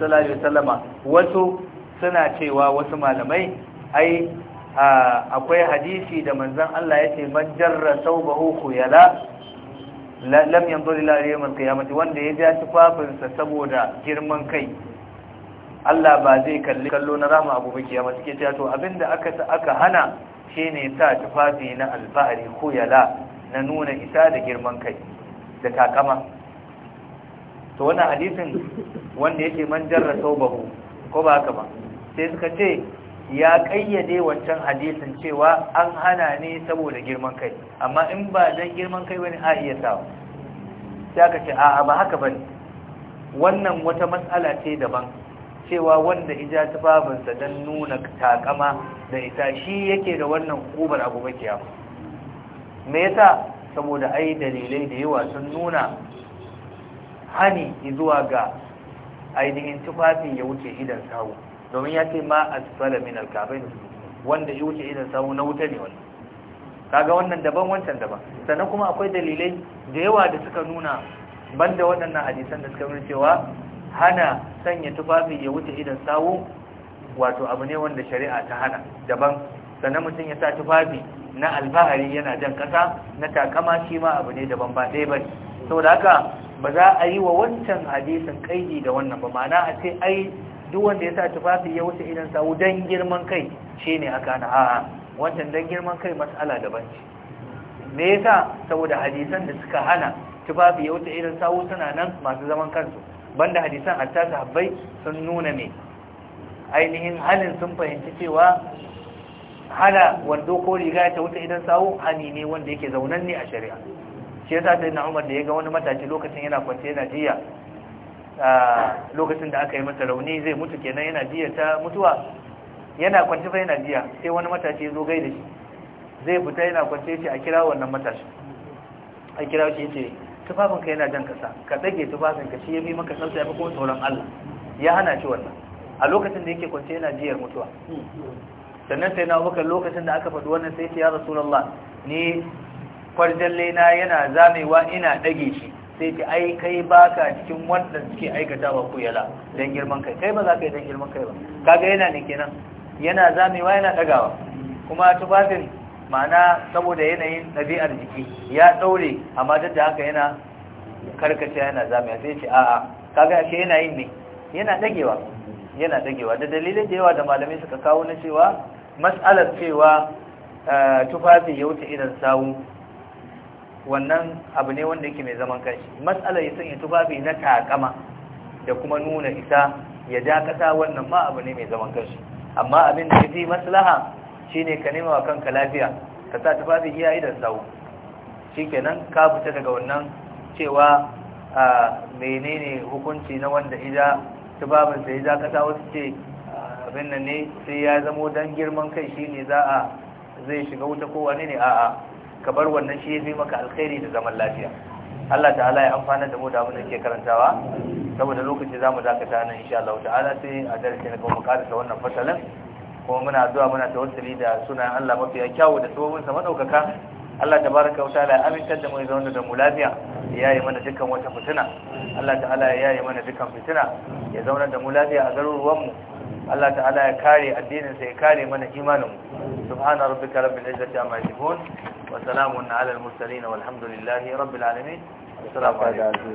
[SPEAKER 1] sallallahu alaihi wasallama wato suna cewa wasu malamai ai akwai hadisi da manzon Allah yace man jarra saubahu khuyala lam yanzur ila yawmil qiyamati wanda ya ja tufafinsa saboda girman kai Allah ba zai kalli kallo na rama abu ba kiyama suke cewa to abinda aka aka hana shine sa tufafi na alfa'ari khuyala yala na nuna isa da girman kai da takama to wani hadisin wanda yake man jarra saubahu ko ba haka ba sai suka ce ya kayyade wancan hadisin cewa an hana ne saboda girman kai amma in ba dan girman kai bane a iya sawa sai aka ce a'a ba haka bane wannan wata matsala ce daban cewa wanda ija ta babansa dan nuna takama da ita shi yake da wannan kubar abu me yasa saboda ai dalilai da yawa sun nuna hani zuwa ga ainihin tufafi ya wuce idan sawu domin ya ce ma asfala min alkafin wanda ya wuce idan sawu na wuta ne wannan kaga wannan daban wancan daban sannan kuma akwai dalilai da yawa da suka nuna banda waɗannan hadisan da suka nuna cewa hana sanya tufafi ya wuce idan sawu wato abu ne wanda shari'a ta hana daban sannan mutum ya sa tufafi na alfahari yana jan kasa na takama shi ma abu ne daban ba ɗaya ba da haka ba za a yi wa wancan hadisin kaiji da wannan ba ma'ana a ce ai duk wanda ya sa tufafi ya wuce idan sa dan girman kai shi haka na a'a wancan dan girman kai mas'ala daban ce me yasa saboda hadisan da suka hana tufafi ya wuce idan sawu suna nan masu zaman kansu banda hadisan hatta sahabbai sun nuna ne ainihin halin sun fahimci cewa hana wando ko riga ta wuce idan sawo hani ne wanda yake zaunan ne a shari'a shi yasa sai na Umar da ya ga wani matashi lokacin yana kwance yana jiya lokacin da aka yi masa rauni zai mutu kenan yana jiya ta mutuwa yana kwance fa yana jiya sai wani matashi ya zo gai da shi zai fita yana kwance shi a kira wannan matashi a kira shi yace ka yana jan kasa ka tsage ka shi ya bi maka sansa ya fi kuma tsoron Allah ya hana shi wannan a lokacin da yake kwance yana jiyar mutuwa sannan sai na bakar lokacin da aka faɗi wannan sai ce ya rasulullah ni kwarjalle na yana zamewa ina dage shi sai ce ai kai baka cikin wanda suke aikata ba ku yala don girman kai kai ba za ka yi don girman kai ba kaga yana ne kenan yana zamewa yana dagawa kuma tufafin ma'ana saboda yanayin ɗabi'ar jiki ya ɗaure amma duk da haka yana karkace yana zamewa sai ce a'a kaga ashe yana yin ne yana dagewa yana dagewa da dalilin da yawa da malamai suka kawo na cewa mas'alar cewa eh, tufafi ya wuce idan sawu wannan abu ne wanda yake mai zaman kanshi mas'alar ya sanya tufafi na takama da kuma nuna isa ya dakata wannan ma abu ne mai zaman kanshi amma abin da yafi maslaha shine ka nema wa kanka lafiya ka sa tufafi iya idan sawu shikenan ka fita daga wannan cewa eh, menene hukunci na wanda tufafin sai ya dakata wasu ce abin nan ne sai ya zamo dan girman kai shine za a zai shiga wuta ko wani ne a'a ka bar wannan shi zai maka alkhairi da zaman lafiya Allah ta'ala ya amfana da mu da abin da ke karantawa saboda lokaci zamu dakata nan insha Allah ta'ala sai a darasi na mu karanta wannan fasalin kuma muna addu'a muna tawassuli da sunan Allah mafi kyawu da tsohon sa madaukaka Allah tabaraka wa ta'ala ya aminta da mu ya zauna da mu lafiya ya yi mana dukkan wata fitina Allah ta'ala ya yi mana dukkan fitina ya zauna da mu lafiya a garuruwan mu Allah ta'ala ya kare addinin sa ya kare mana imanin mu subhana rabbika rabbil izzati amma yasifun wa salamun ala al mursalin walhamdulillahi rabbil alamin assalamu
[SPEAKER 2] alaikum